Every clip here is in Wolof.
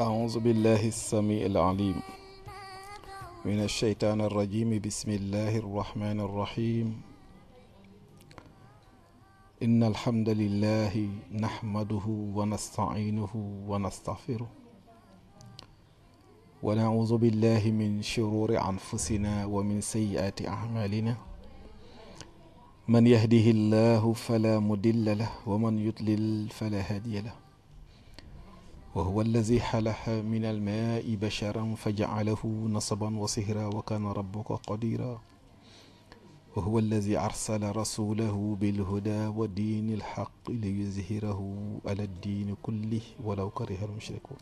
أعوذ بالله السميع العليم من الشيطان الرجيم بسم الله الرحمن الرحيم إن الحمد لله نحمده ونستعينه ونستغفره ونعوذ بالله من شرور أنفسنا ومن سيئات أعمالنا من يهده الله فلا مدل له ومن يضلل فلا هادي له وهو الذي حلح من الماء بشرا فجعله نصبا وصهرا وكان ربك قديرا وهو الذي أرسل رسوله بالهدى ودين الحق ليزهره على الدين كله ولو كره المشركون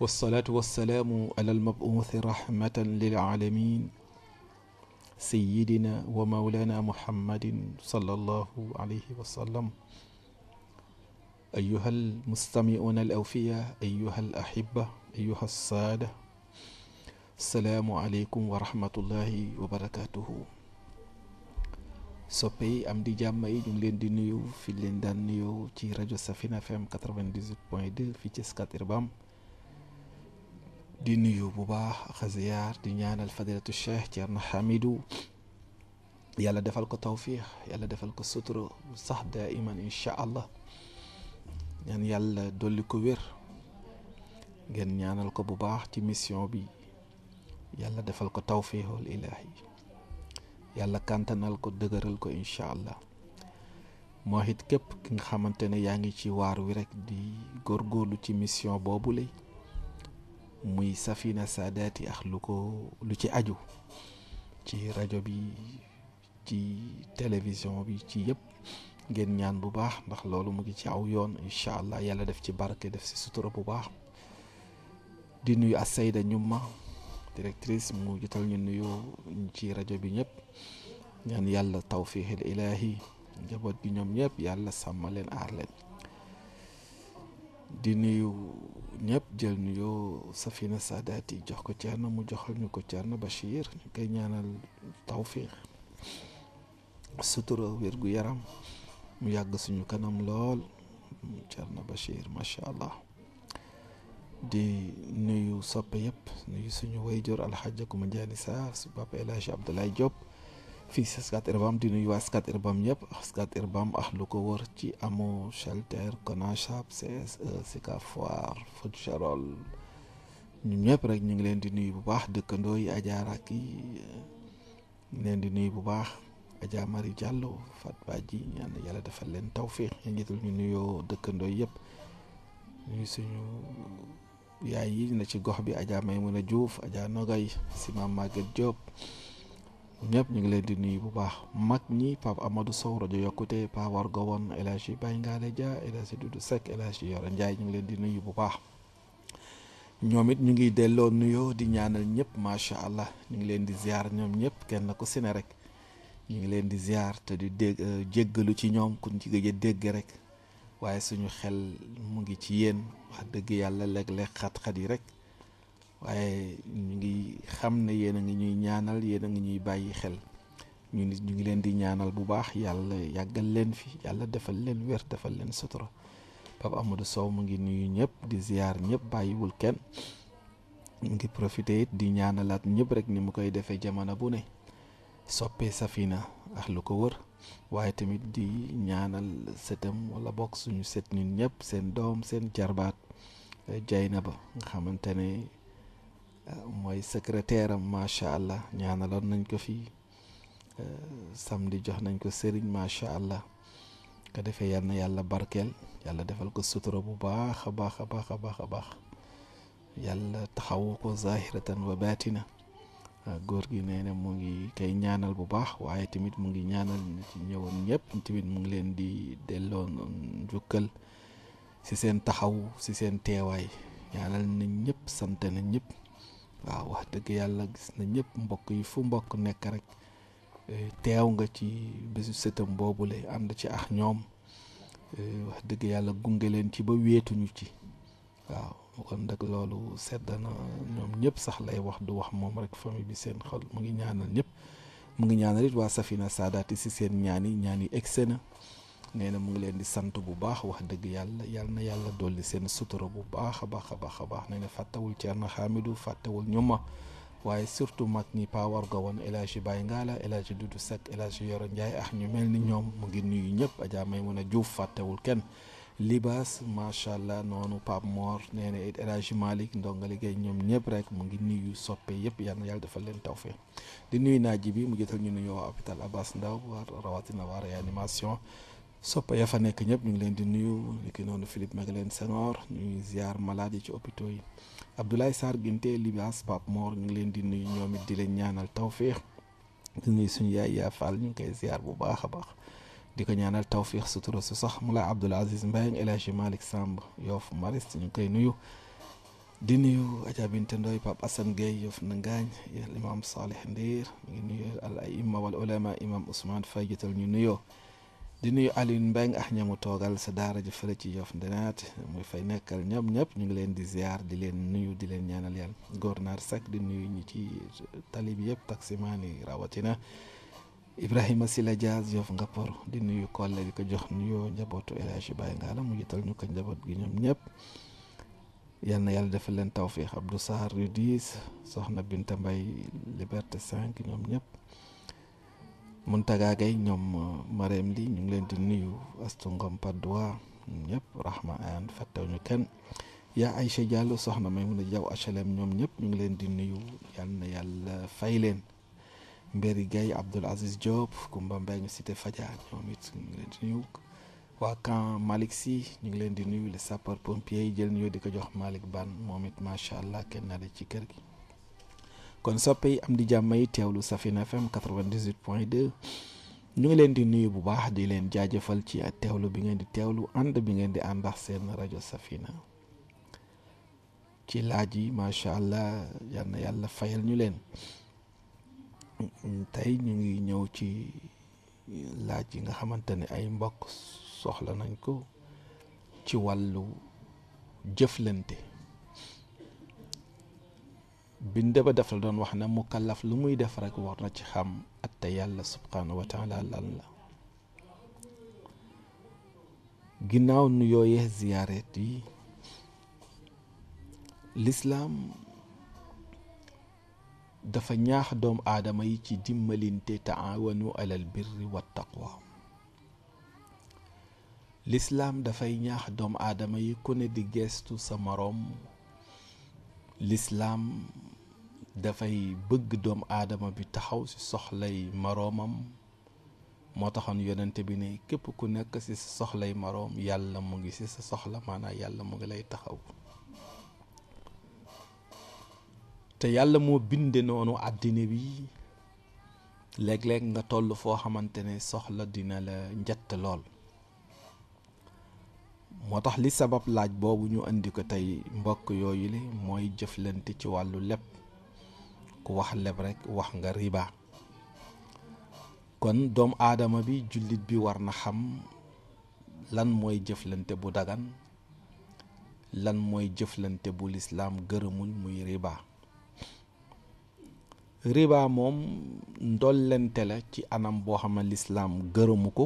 والصلاة والسلام على المبعوث رحمة للعالمين سيدنا ومولانا محمد صلى الله عليه وسلم أيها المستمعون الأوفياء أيها الأحبة أيها السادة السلام عليكم ورحمة الله وبركاته soppe yi am di jàmm yi ñu ngi leen di nuyu fi leen daan nuyoo ci rajo Safina FM 98.2 fii ci Scat Urbam di nuyu bu baax ak ziyaar di ñaanal fadilatu Cheikh Thierno Hamidou yàlla defal ko tawfiix yàlla defal ko sutura sax daa iman incha allah ñaan yàlla dolli ko wér ngeen ñaanal ko bu baax ci mission bi yàlla defal ko tawfiixul ilaahi yàlla kàntanal ko dëgëral ko incha allah moo it képp ki nga xamante ne yaa ngi ci waar wi rek di góor góorlu ci mission boobu lay muy safina saadaati ak lu ko lu ci aju ci rajo bi ci télévision bi ci yëpp ngeen ñaan bu baax ndax loolu mu ngi ci aw yoon incha allah yàlla def ci barke def si sutura bu baax di nuyu Asayda Ñuma directrice mu jotal ñu nuyu ci rajo bi ñëpp ñaan yàlla tawfiixil ilaahi njaboot gi ñoom ñëpp yàlla sàmm leen aar leen di nuyu ñëpp jël nuyoo Safina Saadaat jox ko Thierno mu joxal ñu ko Thierno Bachir ñu koy ñaanal tawfiix sutura wér gu yaram mu ya, yàgg suñu kanam lool Thierno Bachir macha allah di nuyu soppe yëpp nuyu suñu wayjur alxaaja Kuma Njaani Saar su papa El Hadj Abdoulaye Diop fii si di nuyu waa erbam Erbam yëpp erbam Urbam ak lu ko wër ci Amo Shelter Konachab CSE Sicap Foire Fotjarol ñun ñëpp rek ñu ngi leen di nuyu bu baax dëkkandoo yi ajaar ak di nuyu bu baax. Adja Marie Diallo Fat Badji ñaan yàlla defal leen tawféex ñu njiital ñu nuyoo dëkkandoo yëpp nuyu suñu yaay yi na ci gox bi Adja Maymuna Diouf Adja Nogay si maam Maguette Diop ñëpp ñu ngi leen di nuyu bu baax mag ñi Pape Amadou Sow rajo yokkute Pape Wargo woon El Hadj Baye Ngale Dia El Ndiaye ñu ngi leen di nuyu bu baax ñoom it ñu ngi delloo nuyoo di ñaanal ñëpp macha allah ñu ngi leen di ziar ñoom ñëpp kenn ku si ne rek ñu ngi leen di ziar te di dégg euh, jéggalu ci ñoom ku ci dégg rek waaye suñu xel mu ngi ci yéen wax dëgg yàlla léeg-léeg xat-xat yi rek waaye ñu ngi xam ne yéen a ngi ñuy ñaanal yéen a ngi ñuy bàyyi xel ñu ñu ngi leen di ñaanal bu baax yàlla yàggal leen fi yàlla defal leen wér defal leen sutura Pape Sow mu ngi nuyu ñëpp di ziar ñëpp bàyyiwul kenn mu ngi profité di ñaanalaat ñëpp rek ni mu koy defee jamono bu ne. soppe Safina ak lu ko wër waye tamit di ñaanal sëtam wala bok suñu sët ñun ñëpp seen doom seen jarbaat Jaynaba nga xamantene moy secrétaire ma sha allah ñaanaloon nañ ko fi samedi jox nañ ko serigne ma sha allah ka defé yalla yàlla barkel yàlla defal ko sutura bu baakha baakha baakha baakha baakha yàlla taxawu ko zahiratan wa batina Euh, góor gi nee mu ngi kay ñaanal bu baax waaye tamit mu ngi ñaanal ñu ci ñëwoon ñëpp tamit mu ngi leen di delloo njukkal si seen taxaw ci seen teewaay ñaanal nañ ñëpp sant na ñëpp waaw wax dëgg yàlla gis na ñëpp mbokk yi fu mbokk nekk rek euh, teew nga ci bésu sëtam boobule ànd ci ax ñoom euh, wax dëgg yàlla gunge leen ci ba wéetuñu ci waaw kon nag loolu sedd na ñoom ñëpp sax lay wax du wax moom rek famille bi seen xol mu ngi ñaanal ñëpp mu ngi ñaanal it waa Safina Saadaati si seen ñaan yi ñaan yi egsi na nee na mu ngi leen di sant bu baax wax dëgg yàlla yàlla na yàlla dolli seen sutura bu baax a baax a baax a baax nee na fàttewul Thierno Hamidou fàttewul ñuma waaye surtout mag ñi Pa Warga woon El Hadj Baye Ngala El Hadj Doudou Seck El Hadj Yoro Ndiaye ak ñu mel ni ñoom mu ngi nuyu ñëpp Adja Maymuna Diouf fàttewul kenn. Libas macha allah noonu Pape Mor nee na it El Hadj Malick ndonga liggéey ñoom ñëpp rek mu ngi nuyu soppe yëpp yalla yalla yàlla defal leen tawféex di nuyu naaji bi mu jotal ñu nuyu waa hôpital Abass Ndao waa rawatina waa réanimation soppe ya fa nek ñëpp ñu ngi leen di nuyu liki ki Philippe Maguilène senor ñu ziar malade ci hôpitaux yi Abdoulaye Sarr Guinté Libas pap Mor ñu ngi leen di nuyu ñoom di leen ñaanal tawféex di nuyu suñu yaay ya Fall ñu koy ziar bu baaxa baax. di ko ñaanal tawfiix sutura su sax mu laa Abdoul Aziz Mbaye El Hadji Malick Samb Yoff Mariste ñu ngi koy nuyu di nuyu Adja Binte Ndoy Pape Assane Gueye Yoff Nangaañ al imam Salih Ndiir mi ngi nuyu al aima wal ulama imam Ousmane Faye jotal ñu nuyoo di nuyu Alioune Mbengue ak ñamu toogal sa daara ji fële ci Yoff Ndenaat muy fay nekkal ñëpp ñëpp ñu ngi leen di ziar di leen nuyu di leen ñaanal yàlla Gornar Seck di nuyu ñi ci tali bi yëpp taximaan yi rawatina Ibrahima Sila Diaz Yoff Ngapour di nuyu kolle di ko jox nuyoo njabootu El Hadji Baye Ngalla mu jital ñu ko njaboot gi ñoom ñëpp yàlla defal leen tawfiix Abdou Sarr yu diis soxna Binta mbay Liberté cinq ñoom ñëpp Mountaga Gaye ñoom euh, Marème li ñu ngi leen di nuyu Astou Ngom Padois ñëpp Rahma fàttew ñu kenn yaa Aïcha Diallo soxna Maymuna Jaw HLM ñoom ñëpp ñu ngi leen di nuyu yal yàlla fay leen Mbéri Guèye Abdoul Aziz Diop Kumba Mbengue Cité Fadia ñoom it ñu ngi nuyu waa camp Malick Sy ñu ngi leen di nuyu les sapeurs pompiers yi jël nuyoo di ko jox Malick Ban moom it macha allah kenn na ci kër gi. kon soppe yi am di jàmm yi teewlu Safina FM 98.2 ñu ngi leen di nuyu bu baax di leen jaajëfal ci teewlu bi ngeen di teewlu ànd bi ngeen di àndax seen rajo Safina ci laaj yi macha allah yal yàlla fayal ñu leen. tey ñu ngi ñëw ci laaj yi nga xamante ne ay mbokk soxla nañ ko ci wàllu jëflante binde ba def la doon wax ne mu kallaf lu muy def rek war na ci xam atte yàlla subhanahu wa taala ginnaaw nu yooyee ziyaaret yi lislaam dafa ñaax doom aadama yi ci dimbalinte taawanu alal birri wa taqwa lislaam dafay ñaax doom aadama yi ku ne di gestu sa moroom lislaam dafay bëgg doom aadama bi taxaw ci soxlay moroomam moo taxoon yonente bi ne képp ku nekk ci sa soxlay moroom yàlla mu ngi ci sa soxla maanaam yàlla mu ngi lay taxaw te yàlla moo binde noonu àddina bi léeg-léeg nga toll foo xamante ne soxla dina la njett lool moo tax li sabab laaj boobu ñu indi ko tey mbokk yooyu li mooy jëflante ci wàllu leb ku wax leb rekk wax nga riba kon doomu aadama bi jullit bi war na xam lan mooy jëflante bu dagan lan mooy jëflante bu lislaam gërëmul muy riba riba moom ndollente la ci anam boo xam ne lislaam gërëmu ko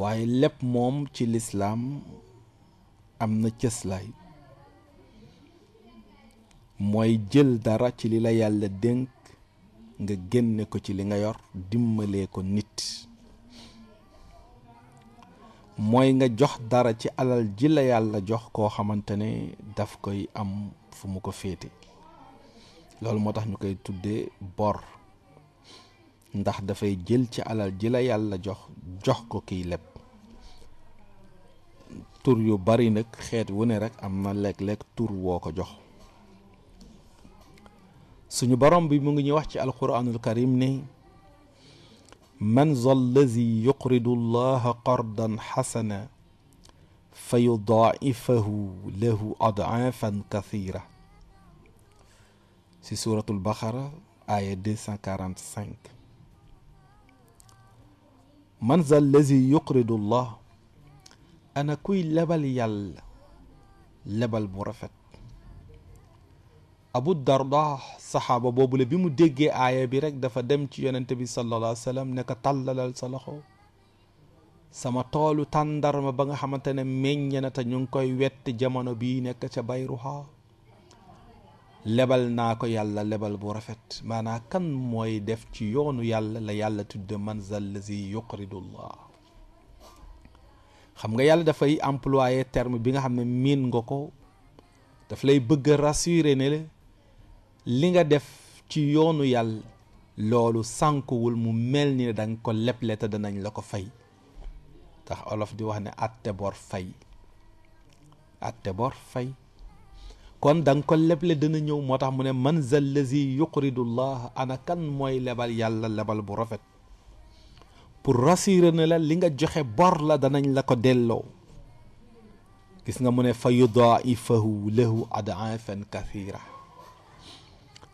waaye lépp moom ci lislaam am na cëslaay mooy jël dara ci li la yàlla dénk nga génne ko ci li nga yor dimmalee ko nit mooy nga jox dara ci alal ji la yàlla jox koo xamante ne daf koy am fu mu ko féete lolou motax tax ñu koy tuddee bor ndax da fay jël ci alal ji la yàlla jox jox ko ki lepp tour yu bari nak xeet wone rek amna lek lek tour wo ko jox suñu borom bi mu ngi ñuy wax ci alquranul karim ne man zallazi yuqridu allaha qardan xasana fa yudaa'ifahu lahu ad'aafan kathira C'est al Baqarah, ayat 245. Man zalezi Allah, ana kuy lebal yal, lebal bu abu darda sahaba boobule bi mu déggee aaya bi rek dafa dem ci yonente bi sallallahu alayhi wasallam sallam ne ko tàllalal sa loxo sama toolu tàndarma ba nga xamante ne ñu koy jamono ca bayruha lebal naa ko yàlla lebal bu rafet maanaa kan mooy def ci yoonu yàlla la yàlla tudde man zallazi yuqridullah xam nga yàlla dafay employé terme bi nga xam ne miin nga ko daf lay bëgg rassurer ne la li nga def ci yoonu yàlla loolu sànkuwul mu mel ni da nga ko leble te danañ la ko fay tax olof di wax ne atte bor fay atte bor fay kon dang ko leble dina ñëw motax mu ne man zal lazi yuqridu allah ana kan moy lebal yàlla lebal bu rafet pour rassurer na la li nga joxe bor la danañ la ko dello gis nga mu ne fa yudaifahu lahu ad'afan kathira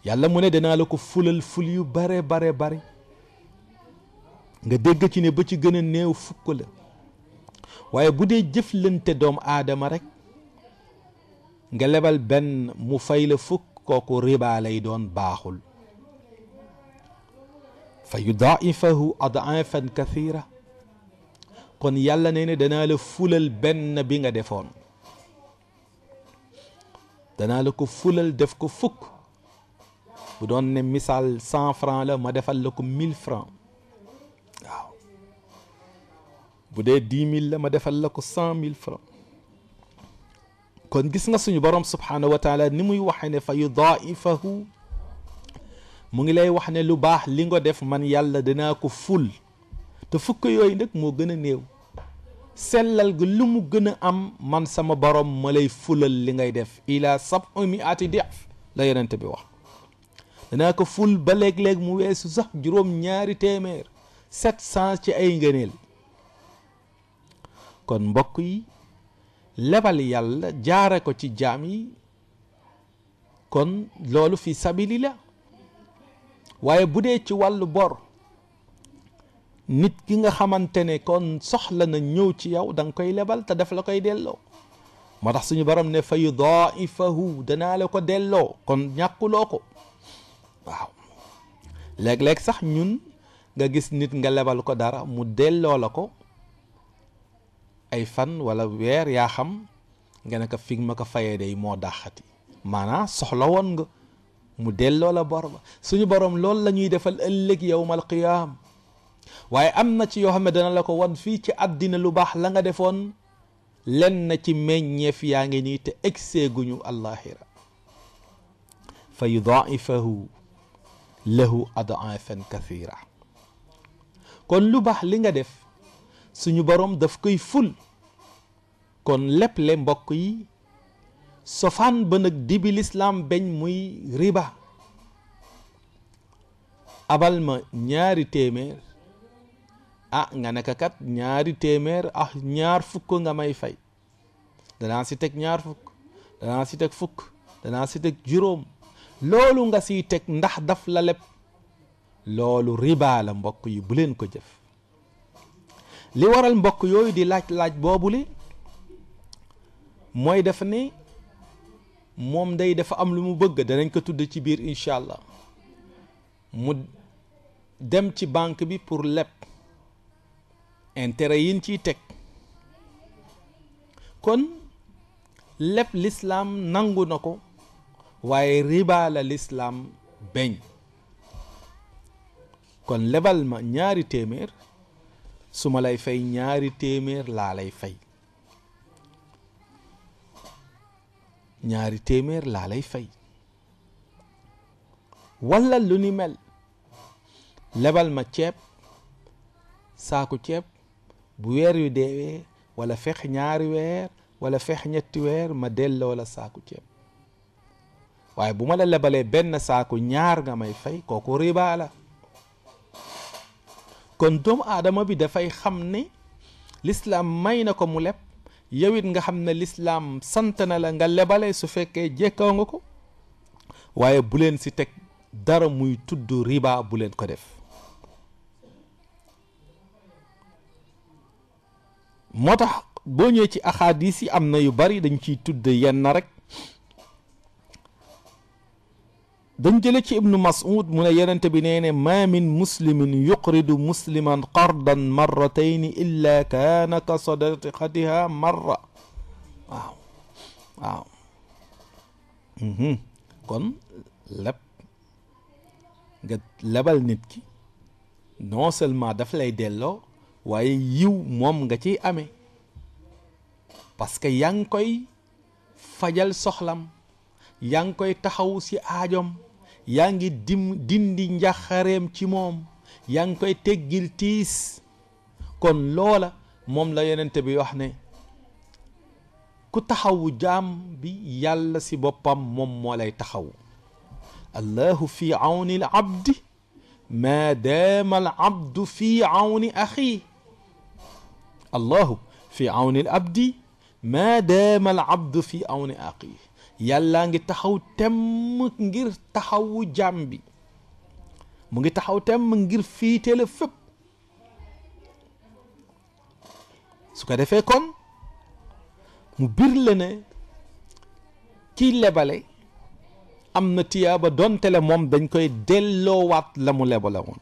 yàlla mu ne dana la ko fulal ful yu bare bare bare nga dégg ci ne ba ci gëna néew fukk la waye budé dee jëflante doom aadama rek nga lebal ben mu fay la fukk kooku riba lay doon baaxul fa yudaifahu adafan kathira kon yàlla nee na danaa la fulal benn bi nga defoon danaa la ko fulal def ko fukk bu doon ne misaal 100 francs la ma defal la ko mille franc waaw bu dee dix mille la ma defal la ko cent mille kon gis nga suñu borom subhanahu wa taala ni muy waxe ne fa yudaifahu mu ngi lay wax ne lu baax li nga def man yàlla dinaa ko ful te fukk yooyu nag moo gën a néew sellal ga lu mu gën a am man sama borom ma lay fulal li ngay def ila sabu miati def la yonent bi wax danaa ko ful ba léeg-léeg mu weesu sax juróom ñaari téeméer sept cent ci ay ngëneel kon mbokk yi lebal yàlla jaare ko ci jaam yi kon loolu fi sabili la waaye bu dee ci wàllu bor nit ki nga xamante ne kon soxla na ñëw ci yow danga koy lebal te def la koy delloo moo tax suñu borom ne fa yudaa'ifahu danaa la ko delloo kon ñàkkuloo ko waaw léeg-léeg sax ñun nga gis nit nga lebal ko dara mu delloo la ko ay fan wala weer yaa xam nga ne ko fi ma ko fayee day moo daxati maanaam soxla woon nga mu delloo la bor suñu borom loolu la ñuy defal ëllëg yowmal qiyaam waaye am na ci yoo xam ne dana la ko wan fii ci àddina lu baax la nga defoon na ci meññeef yaa ngi nii te egseeguñu allahira fa yudaifahu lahu adaafan kathira kon lu baax li nga def suñu borom daf koy ful kon leple mbokk yi sofaan ba nag dibi lislaam beñ muy riba abal ma ñaari téeméer ah nga naka kat ñaari téeméer ah ñaar fukk nga may fay danaa si teg ñaar fukk danaa si teg fukk danaa si teg juróom loolu nga siy teg ndax daf la leb loolu riba la mbokk yi bu leen ko jëf li waral mbokk yooyu di laaj-laaj boobu li mooy dafa ni moom day dafa am lu mu bëgg danañ ko tudd ci biir incha allah mu dem ci banque bi pour leb intérêt yin ciy teg kon leb lislaam nangu na ko waaye riba lislaam beñ kon lebal ma ñaari téeméer suma lay fay ñaari téeméer laa lay fay ñaari téeméer laa lay fay walla lu ni mel lebal ma ceeb saaku ceeb bu weer yu deewee walla fex ñaari weer walla fex ñetti weer ma delloo la saaku ceeb waaye bu ma la lebalee benn saaku ñaar nga may fay kooku riba la kon doomu aadama bi dafay xam ne lislaam may na ko mu leb yowit nga xam ne lislaam sant na la nga lebale su fekkee jekkoo nga ko waaye bu leen si teg dara muy tudd riba bu leen ko def moo tax boo ñëwee ci axaadis yi am na yu bari dañ ciy tudd yenn rek dañ jële ci ibnu mas'ud mu ne yenente bi nee ne ma min muslimin yuqridu musliman qardan marratayn illa kaana ka sadaqatiha marra waaw mhm. leb nga lebal nit ki non seulement daf lay delloo waaye yiw moom nga ciy amee parce que yaa ngi koy fajal soxlam yaa koy taxaw ci aajom yangi dim dindi njaxareem ci mom yaa koy teggil tis kon lola mom la yonente bi wax ne ku taxaw jam bi yàlla ci bopam mom mo lay taxaw الله في عون العبد ما دام العبد في عون أخيه الله في عون العبد ما دام العبد في عون أخيه yàllaa ngi taxaw temm ngir taxawu jaam bi mu ngi taxaw temm ngir fiitee la fépp su ko defee kon mu bir la ne kiy lebale am na tiyaaba donte la moom dañ koy delloowaat la mu lebale woon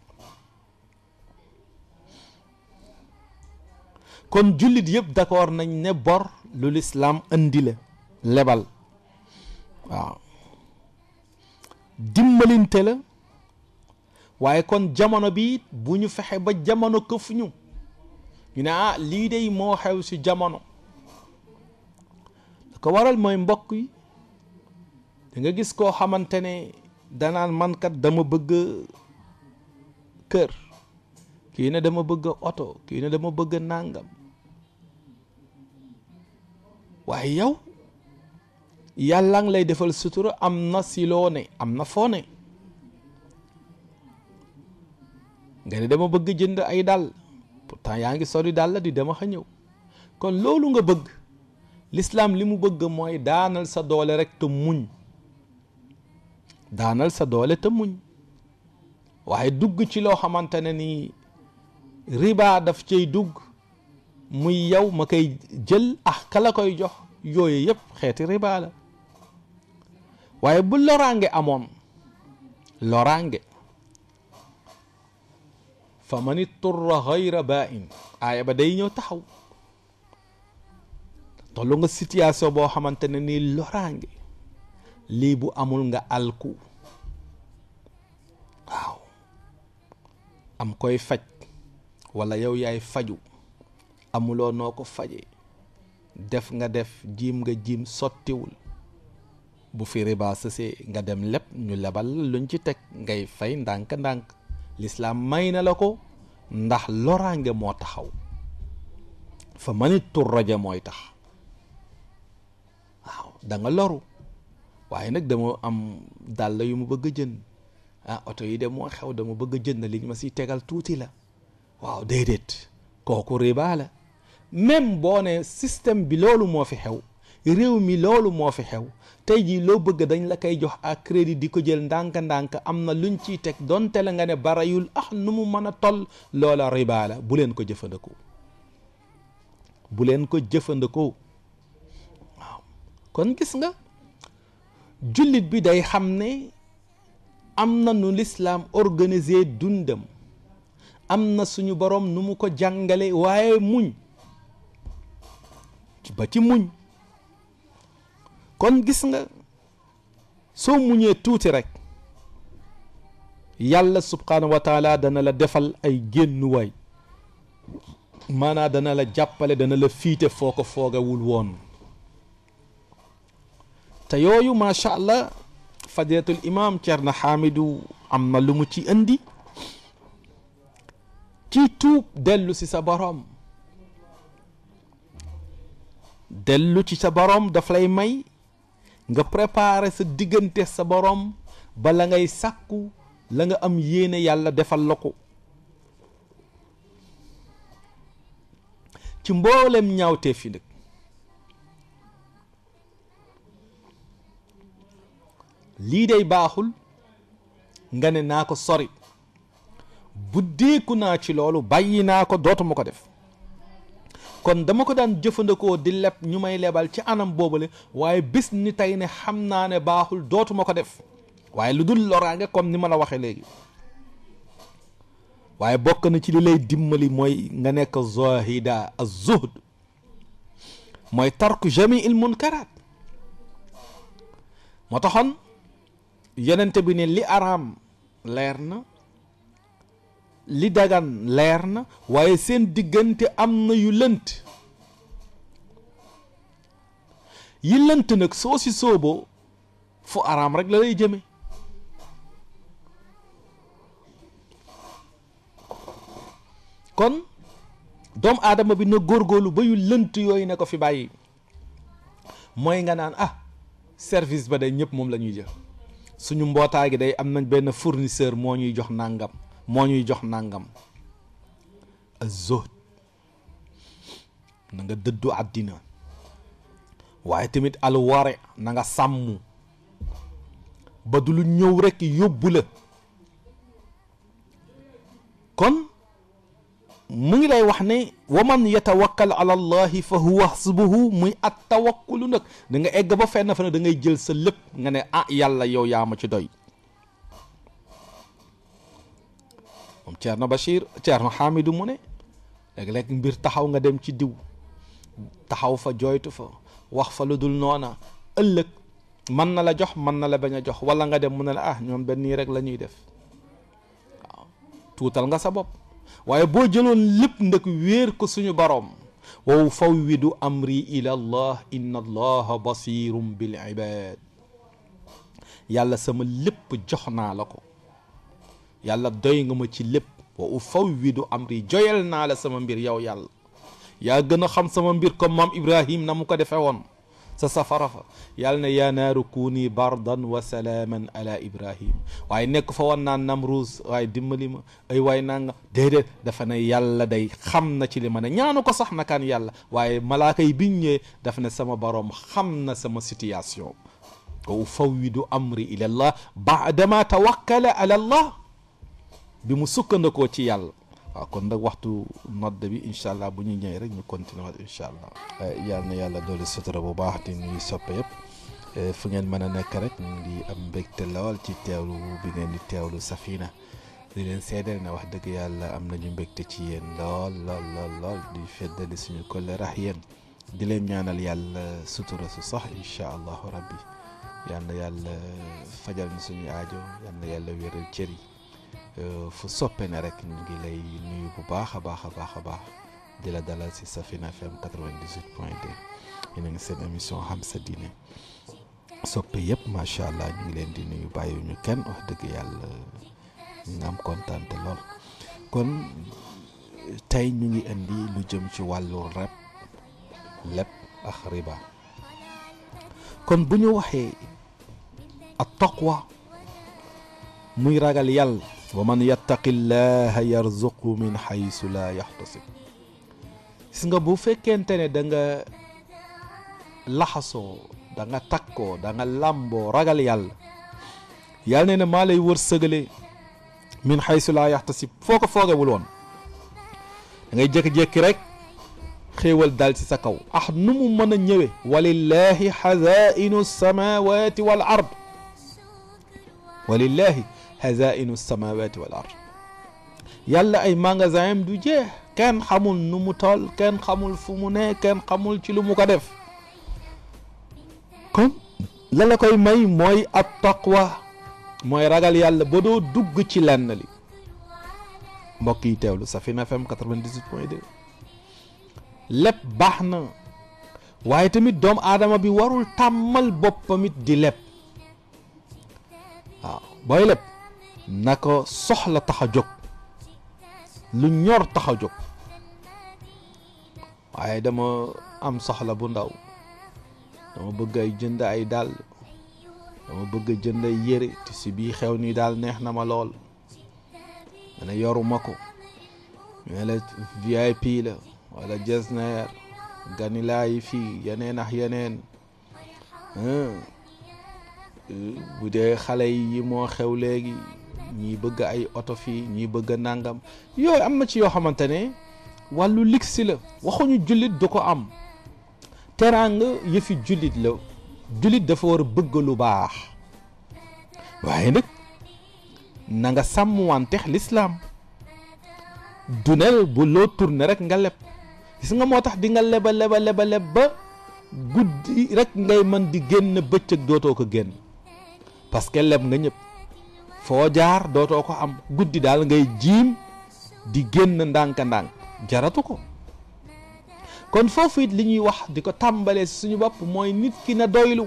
kon jullit yëpp d'accord nañ ne bor lu lislaam indi la lebal waaw dimbalinte la waaye kon jamono bi bu ñu fexe ba jamono këf ñu ñu ne ah lii dey moo xew ci jamono la ko waral mooy mbokk yi da nga gis koo xamante ne danaan mankat dama bëgg kër kii ne dama bëgg oto kii ne dama bëgg nàngam waaye yow yàllaa ngi lay defal sutura am na siloo ne am na foo ne nga ne dama bëgg jënd ay dàll pourtant yaa ngi sori dàll di dama xa ñëw kon loolu nga bëgg lislaam li mu bëgg mooy daanal sa doole rek te daanal sa doole te muñ waaye dugg ci loo xamante ne ni riba daf cay dugg muy yow ma koy jël ah kala koy jox yooyu yëpp xeeti riba la waaye bu loraange amoon loraange fa man itturra xayra baain aaya ba day ñëw taxaw lu nga situation boo xamante ne nii loraange lii bu amul nga alku waaw am koy faj wala yow yaay faju amuloo noo ko faje def nga def jiim nga jiim sottiwul bu fi riba sësee nga dem lépp ñu lebal luñ ci teg ngay fay ndànk-ndànk lislaam may na la ko ndax loraange moo taxaw fa manit turraja mooy tax waaw da loru waaye nag dama am dàll yu mu bëgg a ah oto yi de moo xew dama bëgg a jënd liñ ma si tegal tuuti la waaw déedéet kooku riba la même boo ne système bi loolu moo fi xew réew mi loolu moo fi xew tey jii loo bëgg dañ la koy jox ak crédit di ko jël ndànk-ndànk am na luñ ciy teg donte la nga ne barayul ah nu mu mën a toll loola riba bu leen ko jëfandikoo bu ko jëfandikoo waaw kon gis nga jullit bi day xam ne am na nu lislaam organisé dundam am na suñu boroom nu mu ko jàngale waaye muñ ba ci muñ kon gis nga soo muñee tuuti rek yàlla subhanahu wa taala dana la defal ay génnuwaay maanaa dana la jàppale dana la fiite foo ko foogawul woon te yooyu macha allah fadilatul imam cerna Xaamidu am na lu mu ci indi ci tuub dellu si sa boroom dellu ci sa boroom daf lay may nga préparer sa diggante sa boroom bala ngay sàkku la nga am yéene yàlla defal la ko ci mboolem ñaawtee fi nag lii day baaxul nga ne naa ko sori buddeeku naa ci loolu bàyyi naa ko dootuma ko def kon dama ko daan jëfandikoo di leb ñu may lebal ci anam boobale waaye bis ni tey ne xam naa ne baaxul dootuma ko def waaye lu dul loraange comme ni ma la waxee léegi waaye bokk na ci li lay dimbali mooy nga nekk zahida azuhd mooy tarku jami il munkarat moo taxoon yonente bi ne li araam leer na li dagan leer na waaye seen diggante am na yu lënt yi lënt nag soo si sooboo fu araam rek la lay jëme kon doomu aadama bi na góorgóorlu ba yu lënt yooyu ne ko fi bàyyi mooy nga naan ah service ba day ñëpp moom lañuy ñuy jël suñu mbootaay gi day am nañ benn fournisseur moo ñuy jox nàngam moo ñuy jox nangam az-zuhd na nga dëddu àddina waaye tamit alware na nga sàmm ba du lu ñëw rek yóbbu la kon mu ngi lay wax ne wa man yatawakkal ala allahi fa huwa hasbuhu muy at tawakkulu nag da nga egg ba fenn fa ne da ngay jël sa lépp nga ne ah yàlla yow yaa ma ci doy comme Thierno Bachir Thierno Hamidou mu ne léeg-léeg mbir taxaw nga dem ci diw taxaw fa jooytu fa wax fa lu dul noona ëllëg mën na la jox mën na la bañ a jox walla nga dem mu ne la ah ñoom benn nii rek la ñuy def tuutal nga sa bopp waaye boo jëloon lépp ndëkk wéer ko suñu boroom waw fawwidu amri ila allah inna allaha basirum bil ibad yàlla sama lépp jox naa la ko yàlla doy nga ma ci lépp wa u fawwidu amri joyal na la sama mbir yow yàlla ya gëna xam sama mbir comme mam ibrahim namu ko defé won sa safara fa yàlla ne yaa naaru kuuni bardan wa salaman ala ibrahim way nek fa won naan namruus way dimbali ma ay waay nanga dede dafa ne yàlla day xam na ci li ma ñaanu ko sax na kan yàlla waaye malaaka yi biñ ñëwee dafa ne sama borom xam na sama situation ko fawwidu amri ila allah baadama tawakkala ala allah bi mu sukkandikoo ci yàlla kon nag waxtu nodd bi incha allah bu ñu ñëwee rek ñu continuer waat incha allah. yal na yàlla doole sutura bu baax di nuyu soppe yëpp eh, fu ngeen mën a nekk rek ñu am mbégte lawal ci teewlu bi ngeen di teewlu Safina di leen seedeel ne wax dëgg yàlla am na ñu mbégte ci yéen lool lool lool lool di feddali suñu kóllëre ak yéen di leen ñaanal yàlla sutura su sax incha allahu rabbi yàlla fajal ñu suñu aajo yal na yàlla wéral cër yi. Euh, fu soppe na rek ñu ngi lay nuyu bu baax a baax a baax a baax di la dalal ci Safina FM 98 point ngi seen émission xam sa diine soppe yëpp macha allah ñu ngi leen di nuyu bàyyi bàyyiwuñu kenn wax dëgg yàlla ñu am kontaan te lool kon tey ñu ngi indi lu jëm ci wàllu rep leb ak riba kon bu ñu waxee ak taqwa muy ragal yàlla wa man yattaqi llaha yarzuqu min xaysu laa yaxtasib gis nga bu fekkente ne da nga laxasoo da nga takkoo da nga làmboo ragal yàlla yàlla na maa lay wër sëgale min xaysu laa yaxtasib foo ko foogewul woon da ngay jékki-jékki rek xéewal dal ci sa kaw ah nu mu mën a ñëwe walillahi xazainu samawati wal hazainu samawati wal ard yàlla ay magasin du jeex kenn xamul nu mu toll kenn xamul fu mu ne kenn xamul ci lu mu ko def kon la la koy may mooy ab taqwa mooy ragal yàlla ba doo dugg ci lenn li mbokk yi teewlu Safina FM 98 point 2 lépp baax na waaye tamit doom aadama bi warul tàmmal boppamit di leb waaw leb na ko soxla tax a jóg lu ñor tax a dama am soxla bu ndaw dama bëgg ay jënd ay dàll dama bëgg a jënd ay yére te si bii xew nii daal neex na ma lool ma ne yoruma VIP la wala jesner ganilaayi fii yeneen ak yeneen bu dee xale yi moo xew léegi ñii bëgg ay oto fii ñii bëgg nangam yooyu am na ci yoo xamante ne wàllu lig la waxuñu jullit du ko am teraanga yëfi jullit la jullit dafa war a bëgg lu baax waaye nag na nga sàmm sàmmwanteex lislaam dunel bu loo tourné rek nga leb gis nga moo tax di nga leba leba leba ba guddi rek ngay mën di génn bëccëg dootoo ko génn parce que leb nga ñëpp foo jaar dootoo ko am guddi daal ngay jiim di génn ndànk-ndànk jaratu ko kon foofu it li ñuy wax di ko tàmbalee si suñu bopp mooy nit ki na doylu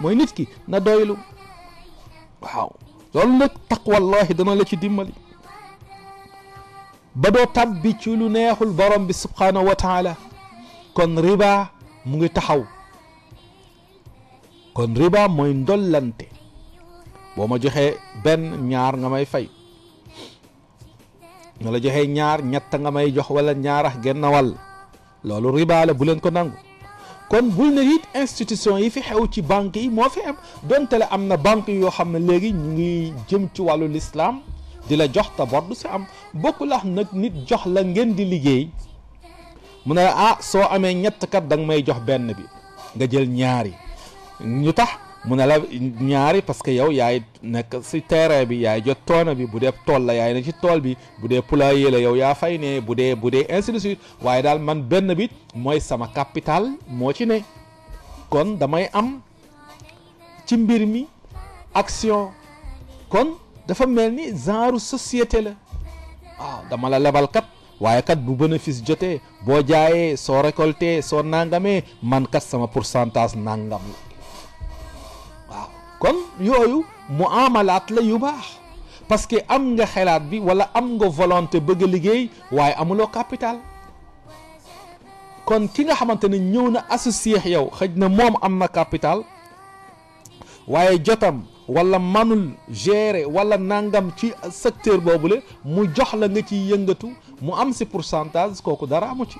mooy nit ki na doylu waaw loolu dana la ci dimbali ba doo tàbbi ci lu neexul borom bi subhaanahu wa taala kon riba mu ngi taxaw kon riba mooy ndollante boo ma joxee benn ñaar nga may fay nga la joxee ñaar ñett nga may jox wala ñaarax genn wàll loolu riba bu leen ko nangu kon bul ne it institution yi fi xew ci banque yi moo fi am donte am na banque yoo xam ne léegi ñu ngi jëm ci wàllu lislaam di la jox te bor du si am bokkul ak nag nit jox la ngeen di liggéey mu ne ah soo amee ñett kat da may jox benn bi nga jël ñaari ñu tax mu ne la ñaari parce que yow yaay nekk si terrain bi yaay jot toona bi bu dee tool la yaay ne ci tool bi bu dee poulailler la yow yaa fay ne bu dee bu dee ainsi waaye daal man benn bi mooy sama capital moo ci ne kon damay am ci mbir mi action kon dafa mel ni genre société la waaw ah, dama la lebal kat waaye kat bu bénéfice jotee boo jaayee soo récolté soo nangamee man kat sama centage nangam la kon yooyu mu amalaat la yu baax parce que am nga xelaat bi wala am nga volonté bëgg a liggéey waaye amuloo capital kon ki nga xamante ne ñëw na associé yow xëj na moom am na capital waaye jotam wala manul gere wala nangam ci secteur boobule mu jox la nga ciy yëngatu mu am si pourcentage kooku dara amu ci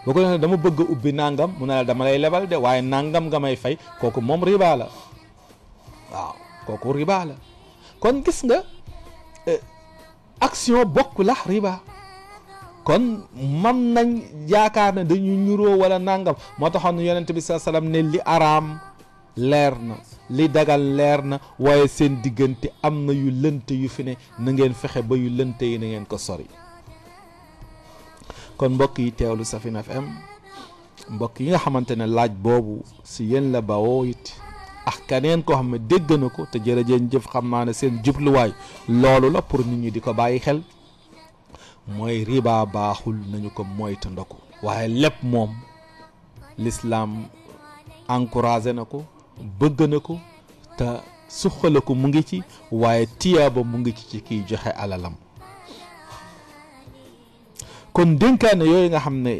boo ko dama bëgg ubbi nangam mu ne la dama lay lebal de waaye nangam nga may fay kooku moom riba la waaw kooku riba la kon gis nga eh, action bokk la riba kon man nañ yaakaar ne dañu ñuroo wala nangam moo taxoon ne yonent bi saa salaam ne li araam leer na li dagal leer na waaye seen diggante am na yu lënt yu fi ne na ngeen fexe ba yu lënt yi na ngeen ko sori kon mbokk yi teewlu Safina FM mbokk yi nga xamante ne laaj boobu si yéen la bawoo it ah keneen koo xam ne dégg na ko te jërëjëf jëf xam naa ne seen jubluwaay loolu la pour nit ñi di ko bàyyi xel mooy riba baaxul nañu ko moytandiku waaye lépp moom lislaam encouragé na ko bëgg ko te suqala ko mu ngi ci waaye tiyaaba mu ngi ci ci kiy joxe alalam kon dénkaane yooyu nga xam ne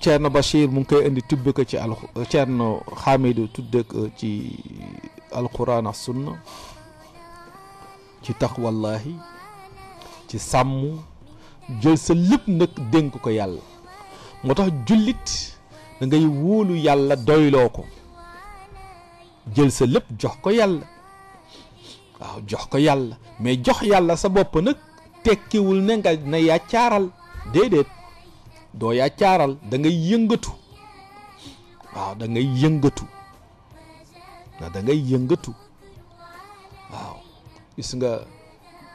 Thierno Bachir mu ngi koy indi tubbe ko ci al Thierno Hamidou tudde ko ci alquran ak sunna ci tax wallaahi ci sàmm jël sa lépp nag dénk ko yàlla moo tax jullit da ngay wóolu yàlla doyloo ko jël sa lépp jox ko yàlla waaw jox ko yàlla mais jox yàlla sa bopp nag tekkiwul ne nga na yàccaaral déedéet doo yàccaaral da ngay yëngatu waaw da ngay yëngatu da ngay waaw gis nga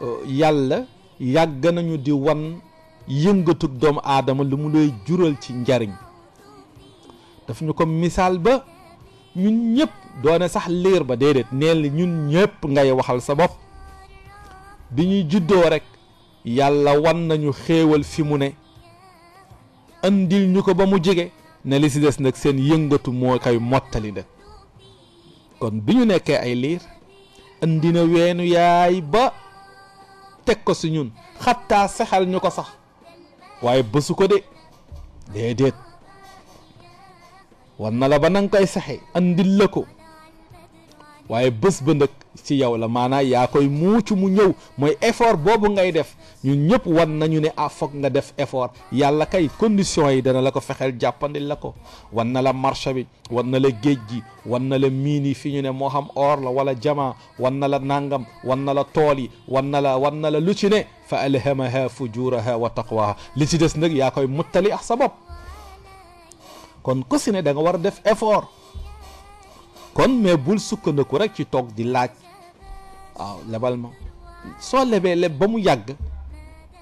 euh, yàlla yàgg nañu di wan yëngatu doomu aadama lu mu lay jural ci njariñ daf ñu ko misaal ba ñun ñëpp doone sax liir ba déedéet neel ñun ñëpp ngay waxal sa bopp bi ñuy juddoo rek yàlla wan nañu xéewal fi mu ne andil ñu ko ba mu jege ne li ci des nag seen yëngatu moo koy mottali nag kon bi ñu nekkee ay liir andi na weenu yaay ba teg ko ci ñun xattaa sexal ñu ko sax waaye bësu ko de déedéet wan na la ba nanga koy saxe andil la ko waaye bés ba nag si yow la maanaam yaa koy muuc mu ñëw mooy effort boobu ngay def ñun ñëpp wan nañu ne a ah foog nga def effort yàlla kay conditions yi dana la ko fexeel jàppandil la ko wan na la marché bi wan na la géej gi wan na la miin yi fi ñu ne moo xam or la wala jama wan na la nangam wan na la tool yi wan na la wan na la lu ci ne fa alhamaha fujuraha wa taqwaha li si des nag yaa koy muttali ak sa bopp kon ku si ne da war a def effort kon mais bul sukkandiku rek ci toog di laaj waaw ah, lebal ma soo lebee leb ba mu yàgg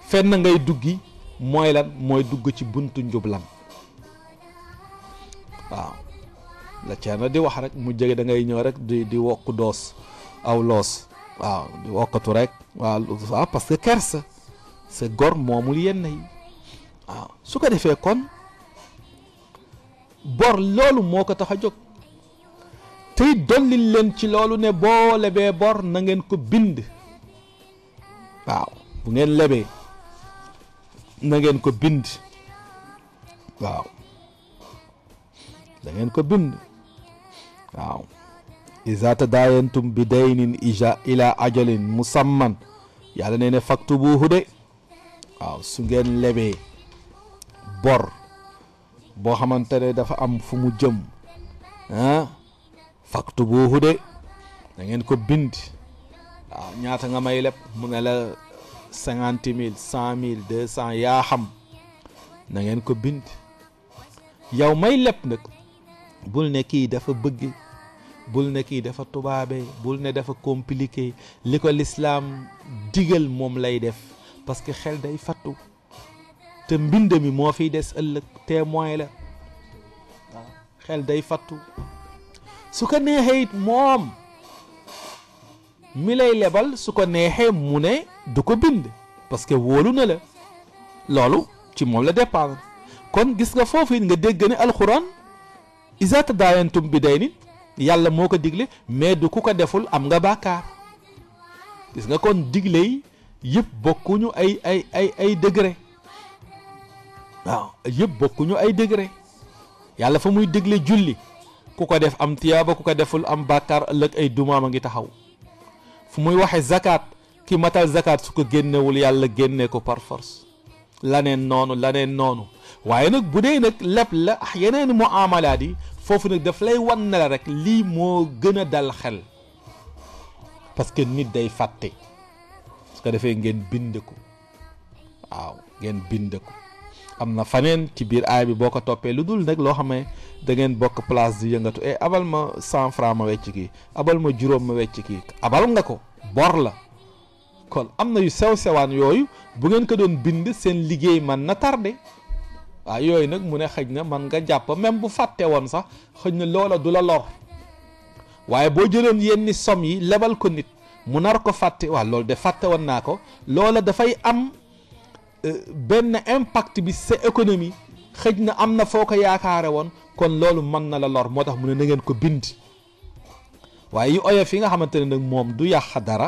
fenn ngay duggi mooy lan mooy dugg ci buntu njublan waaw la ceerna di wax rek mu jege da ngay ñëw rek di di wokk doos aw loos waaw di wokkatu rek waaw parce que kersa sa gor moomul yenn yi waaw su ko defee kon bor loolu moo ko tax a jóg tey dollil leen ci loolu ne boo lebee bor na ko bind waaw bu ngeen lebee na ngeen ko bind waaw da ko bind waaw iza tadayantum bi daynin ija ila ajalin musamman yàlla nee ne faktubuhu de waaw su ngeen lebee bor boo xamante ne dafa am fu mu jëm ah, faktubuhu de da ngeen ko bind waaw ñaata nga may leb mu ne la cinquante mille cent mille deux cent yaa xam na ngeen ko bind yow may leb nag bul ne kii dafa bëgg bul ne kii dafa tubaabe bul ne dafa compliqué li ko lislaam digal moom lay def parce que xel day fattu te mbind mi moo fiy des ëllëg témoin la waaw xel day fattu su ko neexee it moom mi lay lebal su ko neexee mu ne du ko bind parce que wóolu na la loolu ci moom la dépendre kon gis nga foofu it nga dégg ne alxuraan isa tadaayantum bi day nit yàlla moo ko digle mais du ku ko deful am nga bàkkaar gis nga kon digle yi yëpp bokkuñu ay ay ay ay degré waaw yëpp bokkuñu ay degré yàlla fa muy digle julli ku ko def am tiyaba ku ko deful am bakar lek ay duma ma ngi taxaw fu muy waxe zakat ki matal zakat su ko génnewul yàlla génne ko par force lanen nonu lanen nonu waye nak budé nak lepp la ah yenen mu amalaat yi foofu daf lay wan na rek li mo gëna dal xel parce que nit day fàtte su ko defee ngeen bindeku waw ngeen bindeku am na faneen ci biir aay bi boo ko toppee lu dul nag loo xam ne da ngeen bokk place di yëngatu e abal ma cent franc ma wecc kii abal ma juróom ma wecc kii abal nga ko bor la kon am na yu sew sewaan yooyu bu ngeen ko doon bind seen liggéey man na tardé waaw yooyu nag mu ne xëj na man nga jàpp même bu fàtte woon sax xëj na loola du la lor waaye boo jëloon yenni somme yi lebal ko nit mu nar ko fàtte waaw loolu de fàtte woon naa ko loola dafay am benn impact bi sa économie xëj na am na foo ko yaakaare woon kon loolu man na la lor moo tax mu ne na ngeen ko bind waaye yu oyof yi nga xamante ne nag moom du yàq dara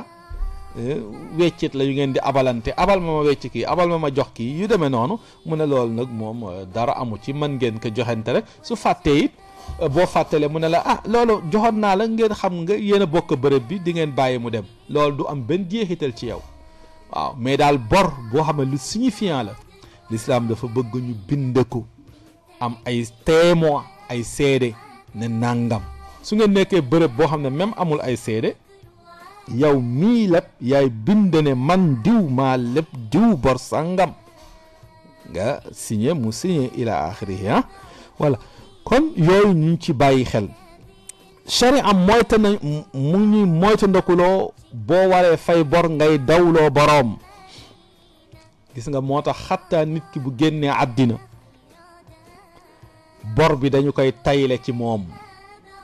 eh, weccit la yu ngeen di abalante abal ma ma wecc kii abal ma ma jox kii yu demee noonu mu ne loolu nag moom eh, dara amu ci mën ngeen ko joxente rek su fàttee it eh, boo fàttalee mu ne la ah loolu joxoon naa la ngeen xam nga yéen a bokk bërëb bi di ngeen bàyyi mu dem loolu du am benn jeexital ci yow waaw mais daal bor boo xam ne lu signifiant la l'islam dafa bëgg ñu bind ko am ay témoin ay seede ne nàngam su nga nekkee bërëb boo xam ne même amul ay seede yow mii lépp yaay bind ne man diw maa lépp diw bor sangam nga signé mu signé ila axiri ah. voilà kon yooyu ñu ci bàyyi xel sharia moyta na mu ñuy moyta ndokuloo boo waree fay bor ngay dawloo boroom gis nga moo tax xattaa nit ki bu génnee àddina bor bi dañu koy tayle ci moom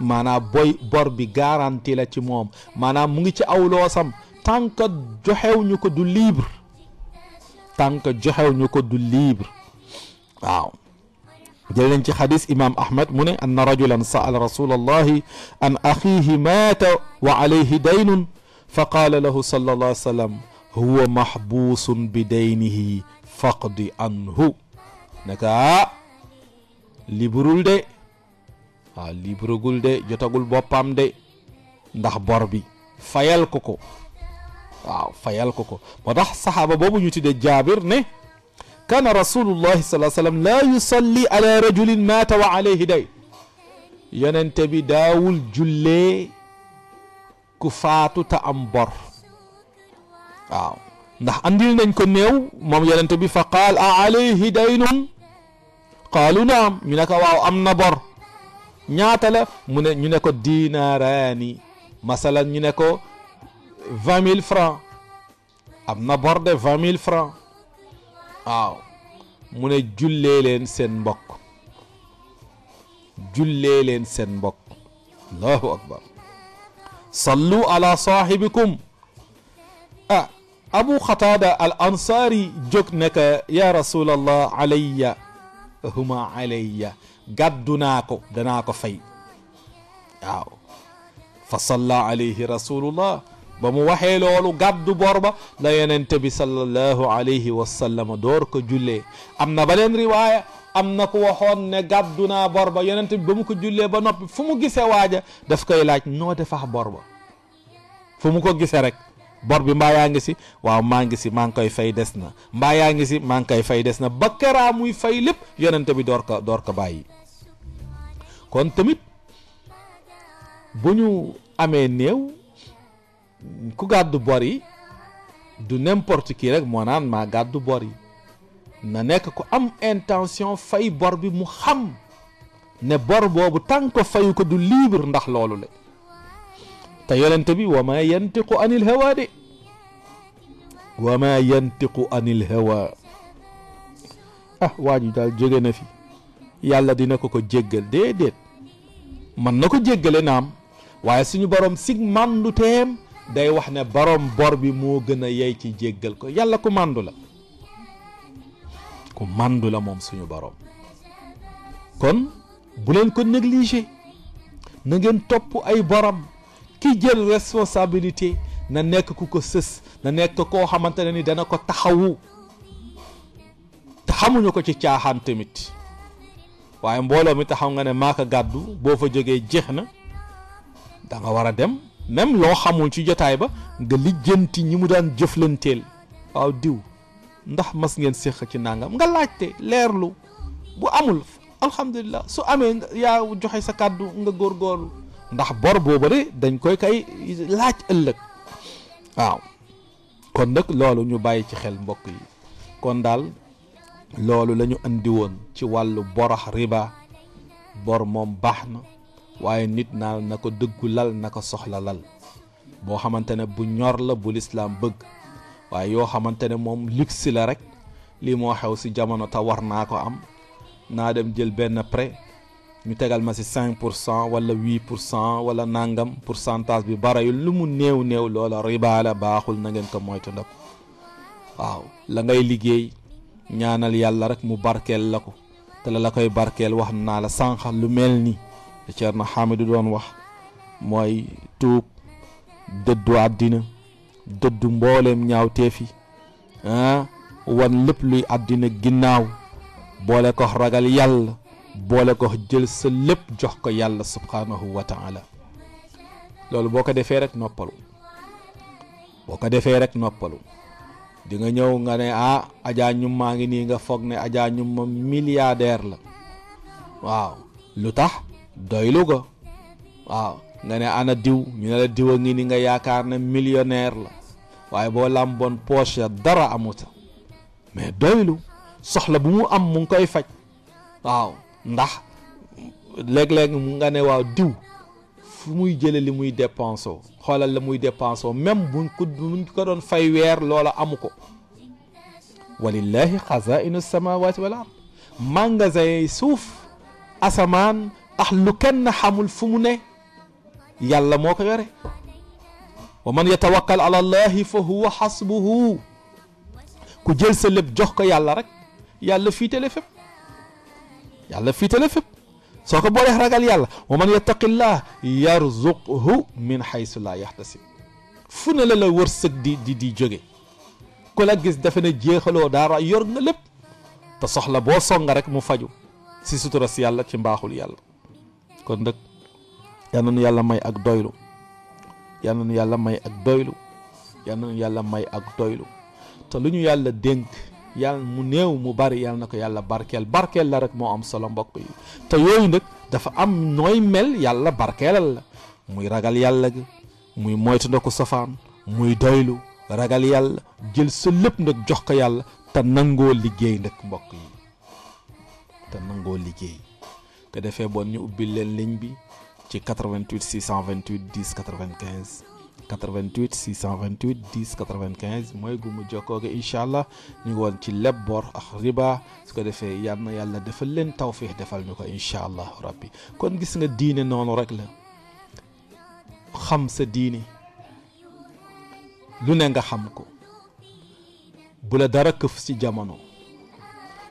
maanaam boy bor bi garantie la ci moom maanaam mu ngi ci aw loosam tant que joxew ñu ko du liibre tànk que joxew ñu ko du libre waaw jël nañ ci xadis imaam ahmad mu ne anna rajulan saala rasul allahi an axiihi maata wa alayhi daynun fa qaala lahu sallallahu alayhi wa sallam huwa maxbuusun bi daynihi faqdi anhu naka librul de waaw ah, libragul de jotagul boppam de ndax bor bi fayal ko ko waaw fayal ko ko moo tax saxaaba boobu ñu tudde jaabir ne kaana rasulullahi sallallahu alayhi wa sallam ala rajulin maata wa alayhi day yonente bi daawul julle ku faatu ta am bor waaw ndax andil nañ ko moom yonente bi fa qaal a alayhi daynum qaalu naam ñu ne ko waaw am na bor ñaata la mu ne ñu ne ko diinaaraani masalan ñu ne ko vingt mille francs am na bor de vingt mille francs waaw mu ne jullee leen seen mbokk jullee leen seen mbokk allahu akbar sallu ala saahibikum ah abu xataada al ansaari jóg ne ka ya rasulallah alayya huma alayya gàddu naa ko danaa ko fay waaw fa salla alayhi rasulullah bamu waxé lolou gàddu borba la yenente bi sallallahu alayhi wa sallam dor ko jullee amna balen riwaya amna ko na ne gadduna borba yenente bi bamu ko jullee ba nopi fumu gisé waja daf koy laaj no defa borba fumu ko gisé rek bor bi mbaa yaa si waaw maa ngi si maa ngi koy fay des na mbaa yaa si maa ngi koy fay des na ba muy fay lépp yenente bi door ko door ko bàyyi kon tamit bu ñu amee néew ku gàddu bor yi du nemport kii rek moo naan maa gàddu bor yi na nekk ko am intention fay bor bi mu xam ne bor boobu tànk ko fayu ko du libre ndax loolu la te yonent bi wa ma yantiqu anil hawa de wa ma yantiqu ah waa ji daal jóge na fi yàlla dina ko ko jéggal déedéet man na ko jéggale naam waaye suñu borom sig màndu teem day wax ne borom bor bi moo gën a yey ci jéggal ko yàlla ku màndu la ku màndu la moom suñu borom kon bu leen ko négliger na ngeen topp ay borom ki jël responsabilité na nekk ku ko sës na nekk koo xamante ne ni dana ko taxawu te ko ci caaxaan tamit waaye mbooloo mi taxaw nga ne maaka gàddu boo fa jógee jeex na da nga war a dem même loo xamul ci jotaay ba nga lijjanti ñi mu daan jëflanteel waaw diw ndax mas ngeen séq ci nangam nga laajte leerlu bu amul alhamdulilah su amee yaa joxe sa kàddu nga góor góorgóorlu ndax bor boobu de dañ koy kay laaj ëllëg waaw kon nag loolu ñu bàyyi ci xel mbokk yi kon daal loolu lañu ñu andi woon ci wàllu borax riba bor moom baax na waaye nit naa na ko dëggu lal na ko soxla lal boo xamante ne bu ñor la bu lislaam bëgg waaye yoo xamante ne moom luxe la rek lii moo xew si jamono te war naa ko am naa dem jël benn prêt ñu tegal ma si 5 pour cent wala 8 pour cent wala nangam pourcentage bi barayul lu mu néew néew loola riba baaxul na ngeen ko moytu ndox waaw la ngay liggéey ñaanal yàlla rek mu barkeel la ko te la la koy barkeel wax naa la sànq lu mel nii. te Ceerno Xaamidu doon wax mooy tuub dëddu àddina dëddu mbooleem ñaaw ah, wan lépp luy àddina ginnaaw boole ko ragal yàlla boole ko jël sa lépp jox ko yàlla subhaanahu wa loolu boo ko defee rek noppalu boo ko defee rek noppalu di nga ñëw nga ne ah Adja maa ngi nii nga foog ne Adja ñum ma milliardaire la waaw lu tax doylu ko waaw nga ne ana diw ñu ne la diw ngi ni nga yaakaar ne millionaire la waaye boo làmboon poche ya dara amuta mais doylu soxla bu mu am mu koy faj waaw ndax léeg-léeg nga ne waaw diw fu muy jële li muy dépensé xoolal la muy dépensé même buñ ko buñ ko doon fay weer loola amu ko walillahi xazainu samawati wal wa magasin yi suuf asamaan ndax lu kenn xamul fu mu ne yàlla moo ko yore wa man yatawakkal ala allahi fa huwa xasbuhu ku jël sa lépp jox ko yàlla rek yàlla fiitale fépp yàlla fiitale fépp soo ko booleex ragal yàlla wa man yattaqillah yarzuqhu min xaysu laa yaxtasib fu la la wërsëg di di di ku la gis dafe ne jéexaloo daara yor nga lépp soxla boo songa rek mu faju si sutura si yàlla ci baaxul yàlla kon nag yal na nu yàlla may ak doylu yal na nu yàlla may ak doylu yal yàlla may ak doylu te lu ñu yàlla dénk yàlla mu néew mu bari yàlla na ko yàlla barkeel barkeel la rek moo am solo mbokk yi te yooyu nag dafa am nooy mel yàlla barkeelal la muy ragal yàlla gi muy moytu nda ko safaan muy doylu ragal yàlla jël sa lépp nag jox ko yàlla te nangoo liggéey nag mbokk yi te nangoo liggéey te defee bon ñu ubbil leen ligne bi ci 88 628 10 95 88 628 10 95 mooy gu mu jokkooge incha ñu ngi woon ci leb bor ak riba su ko defee yal na yàlla defal leen tawfiix defal ñu ko incha allah rabbi kon gis nga diine noonu rek la xam sa diine lu ne nga xam ko bu la dara këf ci jamono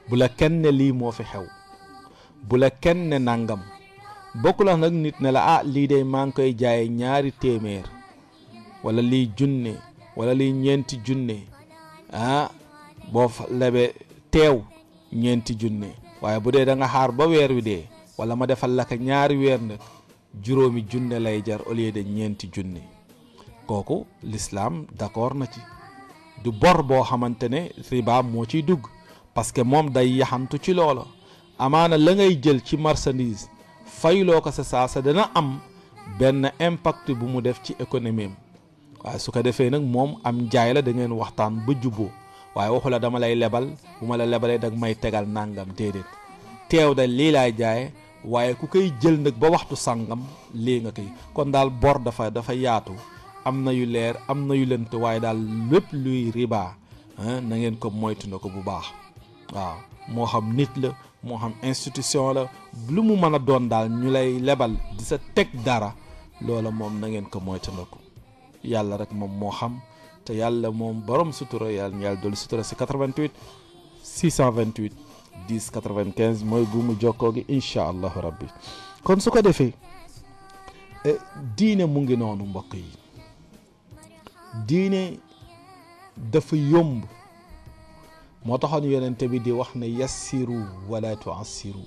bu la kenn lii moo fi xew. bu la kenn ne nàngam bokkul ak nag nit ne la ah lii de maa ngi koy jaaye ñaari téeméer wala lii junne wala lii ñeenti junne ah boo lebe teew ñeenti junne waaye bu dee da xaar ba weer wi dee wala ma defal la ñaari weer nag juróomi junne lay jar au lieu de ñeenti junne kooku lislaam d'accord na ci du bor boo xamante ne riba moo ciy dugg parce que moom day yaxantu ci loolo amaana la ngay jël ci marchandise fayloo ko sa saa sa dana am benn impact bu mu def ci économie am waaye su ko defee nag moom am jaay la dangeen waxtaan ba jubboo waaye waxu la dama lay lebal bu ma la lebalee dagg may tegal nangam déedéet teew da lii laay jaay waaye ku koy jël nag ba waxtu sàngam lii nga koy kon daal bor dafa dafa yaatu am na yu leer am na yu lënt waaye daal lépp luy riba ah, na ngeen ko moytu na ko bu baax waaw moo xam nit la moo xam institution la lu mu mën a doon daal ñu lay lebal di sa teg dara loola moom na ngeen ko moytandiku yàlla rek moom moo xam te yàlla moom borom sutura yàlla na yàlla dolli sutura si 88 628 10 95 mooy bu mu jokkoo gi incha allahu rabbi kon su ko defee eh, diine mu ngi noonu mbokk yi diine dafa yomb. moo taxoon yonente bi di wax ne yassiru wala tuassiru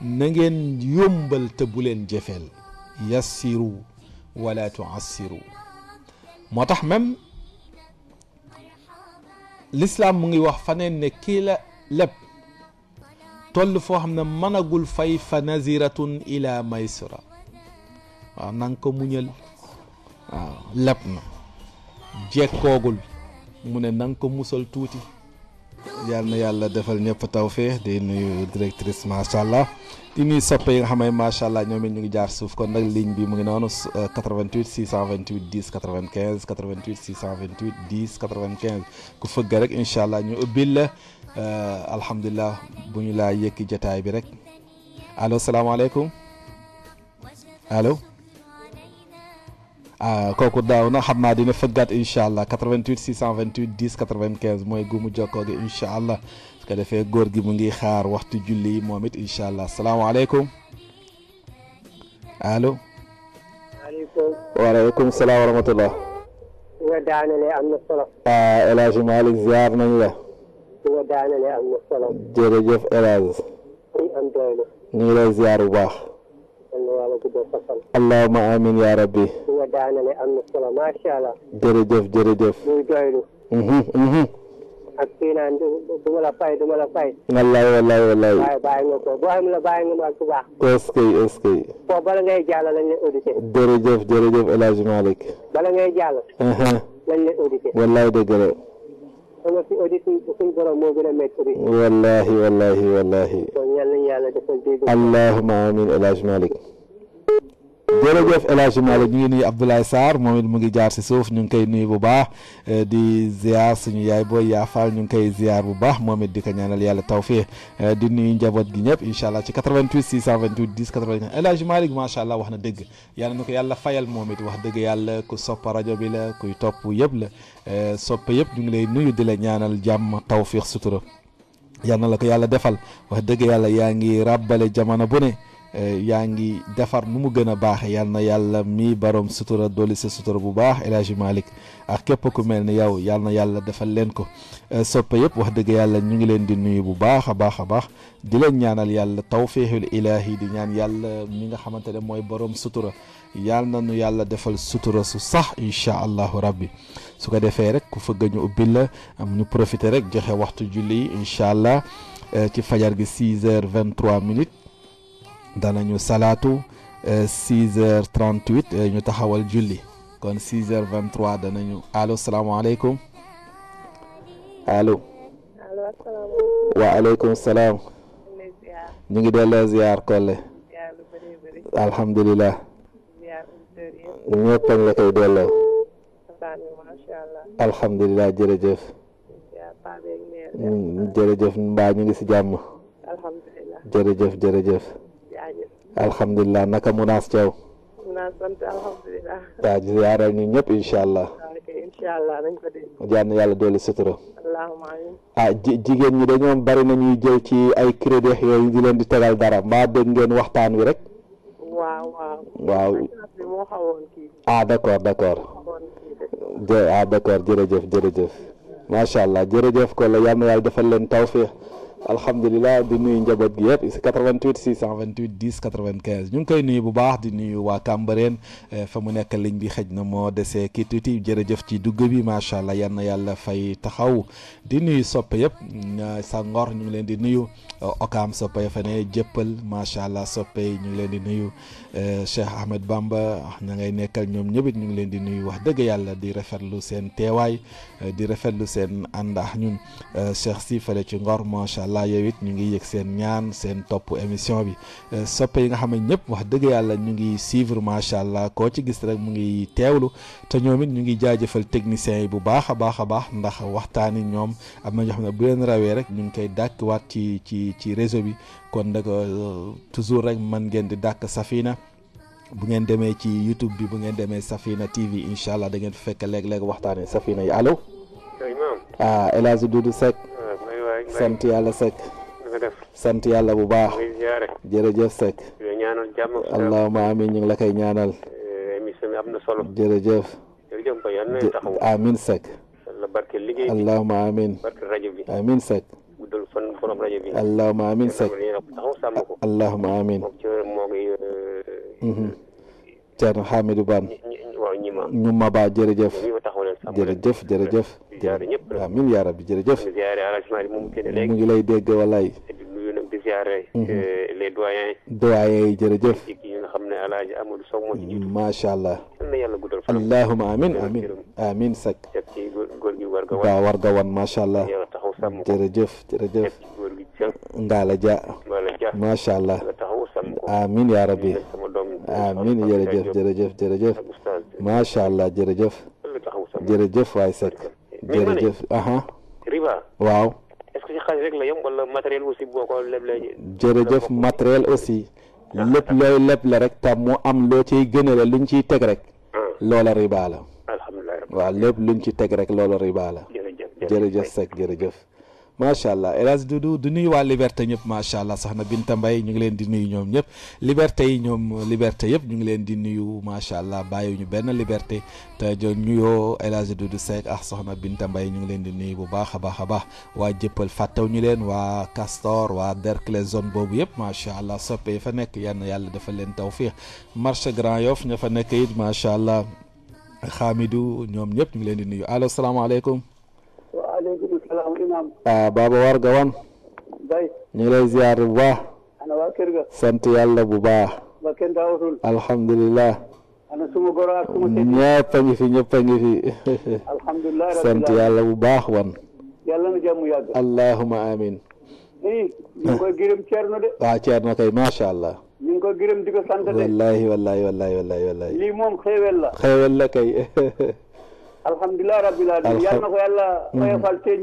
na ngeen yombal te bu leen jëfeel yassiru wala moo tax même l'islam mu ngi wax faneen ne kii la lépp toll foo xam ne mënagul fay fa naziratun ila maysura waaw na nga ko muñal waaw lépp na jekkoogul mu ne nang nga ko musal tuuti. yàlla na yàlla defal ñëpp tawféex di nuyu directrice macha allah di nuyu soppe yi nga xam ne macha allah ñoom ñu ngi jaar suuf kon nag ligne bi mu ngi noonu 88 628 10 95 88 628 10 95 ku fëgg rek incha allah ñu ubbil la euh, alhamdulilah bu ñu laa yëkki jotaay bi rek allo salaamaaleykum allo. kooku daaw na xam naa dina fëggaat incha allah 88 628 10 95 mooy guumu jokkoo gi incha allah su ko defee góor gi mu ngi xaar waxtu julli yi moom it incha allah salaamaaleykum allo. waaleykum. waaleykum salaam wa rahmatullah. nga daanale am na solo. El Hadj Malick ziar nañ la. nga daanale am na solo. jërëjëf El Hadj. ñu ngi lay ziar bu baax. allahuma amin ya rabbi waɗanane am sala machallah jërëjëf jërëjëf ɗum joyɗu hakkina ɗumala fay ɗumala fay wallahi wallahi wallahi bayigo ko bohemla bayigo ma suba est ce que est ce que ko bala ngay jalla lañ le audité jërëjëf jërëjëf El Hadj Malick bala ngay jalla lañ le audité wallahi dëgg la sama si auditeurs yi suñu borom moo gën a métti. wallaahi wallaahi wallaahi. kon yal na yàlla defal dégg. allahumma amiin El Hadj Malick jërëjëf El Hadj Malick ñu ngi nuyu Abdoulaye Sarr moom it mu ngi jaar si suuf ñu ngi koy nuyu bu baax eh, di ziar suñu yaay booy yaafaal ñu ngi koy ziar bu baax moom it di ko ñaanal yàlla tawfiix eh, di nuyu njaboot gi ñëpp incha allah ci 88 628 10 95 El Hadj Malick macha allah wax na dëgg yàlla na ko yàlla fayal moom it wax dëgg yàlla ku soppa rajo bi la kuy topp yëpp la eh, sopp yëpp ñu ngi lay nuyu di la ñaanal jàmm tawfiix sutura yàlla na la ko yàlla defal wax dëgg yàlla yaa ngi ràbbale jamono bu ne. Eh, yaa ngi defar nu mu gën a baaxe yal na yàlla mii borom sutura dolli sa sutura bu baax El Hadj ak képp ku mel ni yaw yal na yàlla defal leen ko eh, soppe yëpp wax dëgg yàlla ñu ngi leen di nuyu bu baax a baax a baax di leen ñaanal yàlla tawfiixul ilaahi di ñaan yàlla mi nga xamante ne mooy borom sutura yal na nu yàlla defal sutura su sax incha allahu rabbi su ko defee rek ku fëgg ñu ubbil la am ñu profité rek joxe waxtu julli yi incha allah eh, ci fajar gi 6 heures 23 minutes. danañu salaatu 6 heures 38 ñu taxawal julli kon 6 heures 23 danañu allo salaamaaleykum allo wa aleykum salaam ñu ngi delloo ziar Kolle alhamdulilah ñëpp la koy delloo alhamdulilah jërëjëf jërëjëf mbaa ñu ngi si jàmm jërëjëf jërëjëf alhamdulilah naka munaas teew naa sant alhamdulilah allah incha yàlla doole ah jigéen ñi dañoom bari nañuy jël ci ay crédit yooyu di leen di tegal dara mbaa dégg waxtaan wi rek waaw waaw waaw moo xawoon kii ah d'accord d'accord ah d'accord jërëjëf jërëjëf macha jërëjëf ko la yàlla na yàlla defal leen tawfiq alhamdulilah di nuy njaboot gi yëpp si 88 628 10 95 ñu ngi koy nuyu bu baax di nuyu waa Cambérène eh, fa mu nekk ligne bi xëj na moo desee kii tuuti jërëjëf ci dugg bi macha allah yan na yàlla fay taxaw di nuyu sopp yëpp sa ngor ñu ngi leen di nuyu eh, Okam soppe fa ne jëppal macha allah soppe ñu ngi leen di nuyu. Eh, Cheikh Ahmed Bamba ah, ña ngay nekkal ñoom ñëpp ñu ngi leen di nuyu wax dëgg yàlla di rafetlu seen teewaay eh, di rafet lu seen ànd ak ñun eh, Cheikh si ci Ngor macha allah yow ñu ngi yëg seen ñaan seen topp émission bi soppe yi nga xam ne ñëpp wax dëgg yàlla ñu ngi suivre macha allah koo ci gis rek mu ngi teewlu te ñoom it ñu ngi jaajëfal techniciens yi bu baax a baax a baax ndax waxtaani ñoom am na ñoo xam ne bu leen rawee rek ñu ngi koy dàkkiwaat ci ci ci réseau bi. kon nag euh, toujours rek man ngeen di dàkk Safina bu ngeen demee ci YouTube bi bu ngeen demee Safina TV incha allah da ngeen fekk léeg-léeg waxtaanee Safina yi allo. ah El Hadj Doudou ah, sant yàlla Seck. sant yàlla bu baax. jërëjëf Seck. allahuma amiin ñu ngi la koy ñaanal. Eh, émission bi am na solo. jërëjëf. allahuma amiin. barke rajo kon borom rajo bi. allahumma amiin sëñ allahumma amiin. Euh, mm-hmm. Thierno Hamidou Bane. ñu ma ba jërëjëf. jërëjëf jërëjëf. amiin yaa rabbi jërëjëf. mu ngi lay dégg walaay. Mm-hmm. Euh, les doyens. doyens yi jërëjëf. macha mm, allah. allahumma amiin amiin amiin sëñ. waaw war nga wan macha allah. sammo jërëjëf jërëjëf ngaala dia machallah amin ya rabbi amin jërëjëf jërëjëf jërëjëf machallah jërëjëf jërëjëf waay sek jërëjëf aha waaw jërëjëf matériel aussi lépp looy lépp la rek tam mu am loo ciy gënale luñ ciy teg rek loola riba la waaw lépp luñ ci teg rek loola riba la jërëjëf Seck jërëjëf macha allah El dudu Doudou du nuyu waa Liberté ñëpp macha allah soxna Binta Mbaye ñu ngi leen di nuyu ñoom ñëpp Liberté yi ñoom Liberté yëpp ñu ngi leen di nuyu macha allah bàyyiwuñu benn Liberté te jo nuyoo El dudu Doudou ah ak soxna Binta Mbaye ñu ngi leen di nuyu bu baax a baax a baax waa jëppal fàttew ñu leen waa Castor waa Derklé zone boobu yëpp macha allah soppe fa nekk yal yàlla dafa leen tawfiix marché Grand Yoff ña fa nekk it macha allah Hamidou ñoom ñëpp ñu ngi leen di nuyu allo salaamaaleykum. ah Baba Warga Wan. ñu ngi lay ziar bu baax. sant yàlla bu baax. alhamdulilah. ñëpp a ngi fi ñëpp a ngi fi. sant yàlla bu baax wan. allahuma amin. waaw Thierno kay macha allah. ñu ngi ko gërëm di ko sant de. wallaahi wallaahi wallaahi wallaahi. lii moom xéewal la. xéewal la kay. alhamdulillah rabbil alamin yal na ko yàlla oyofal seen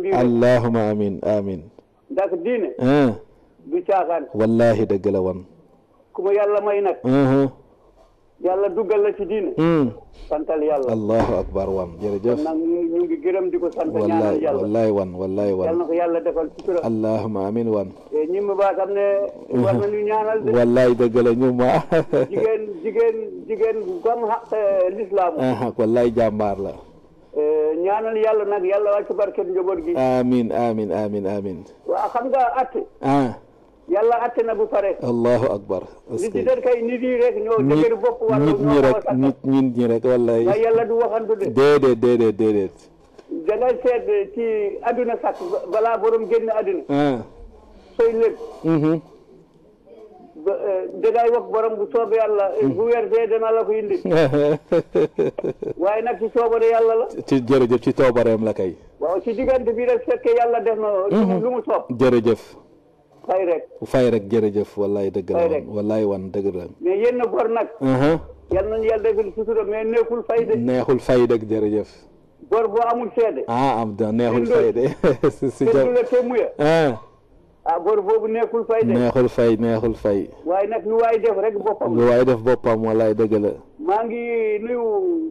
amin amin ndax diine du wallahi dëgg la wan ku ma hmm. yàlla ya may nag yàlla duggal la ci diine hmm. santal ya allahu akbar wan jërëjëf nag ñu ngi gërëm di sant ñaanal yàlla wallahi wan wallahi wan yàlla ko defal amin wan ñi ma baa xam war ñaanal de wallahi dëgg la ñu ma jigen jigéen jigéen gam xaq l'islam ah, wallahi jàmbaar la Eh, ñaanal yàlla nag yàlla wàcc barket njaboot gi. amiin amiin amiin amiin. waaw xam nga at. ah. yàlla atte na bu pare. allahu akbar. li ci des kay nit yi rek ñoo dëgër bopp. wallahi. waaye yàlla du waxantu de. déedéet déedéet déedéet. da ngay seet ci adduna sax balaa borom génn adduna. Ah. Eh, dëggaay wax borom bu soobee yàlla. Eh, bu weer fee dana la ko indi. waaye nag ci soobare yàlla la. ci jërëjëf ci toobareem la kay. waaw ci diggante bi rek fekkee def na. Mhm. lu mu soob jërëjëf. fay rek fay rek jërëjëf wallaay dëgg la wallaay wan dëgg la. a bor nag. Mhm. yal nañu yàlla defal neexul fay de. neexul fay de jërëjëf. bor boo amul seede. ah am da neexul fay de. si si ja ah góor boobu neexul fay de. neexul fay neexul fay. waaye lu waay def rek boppam. lu waay def boppam walaay dëgg la. maa ngi nuyu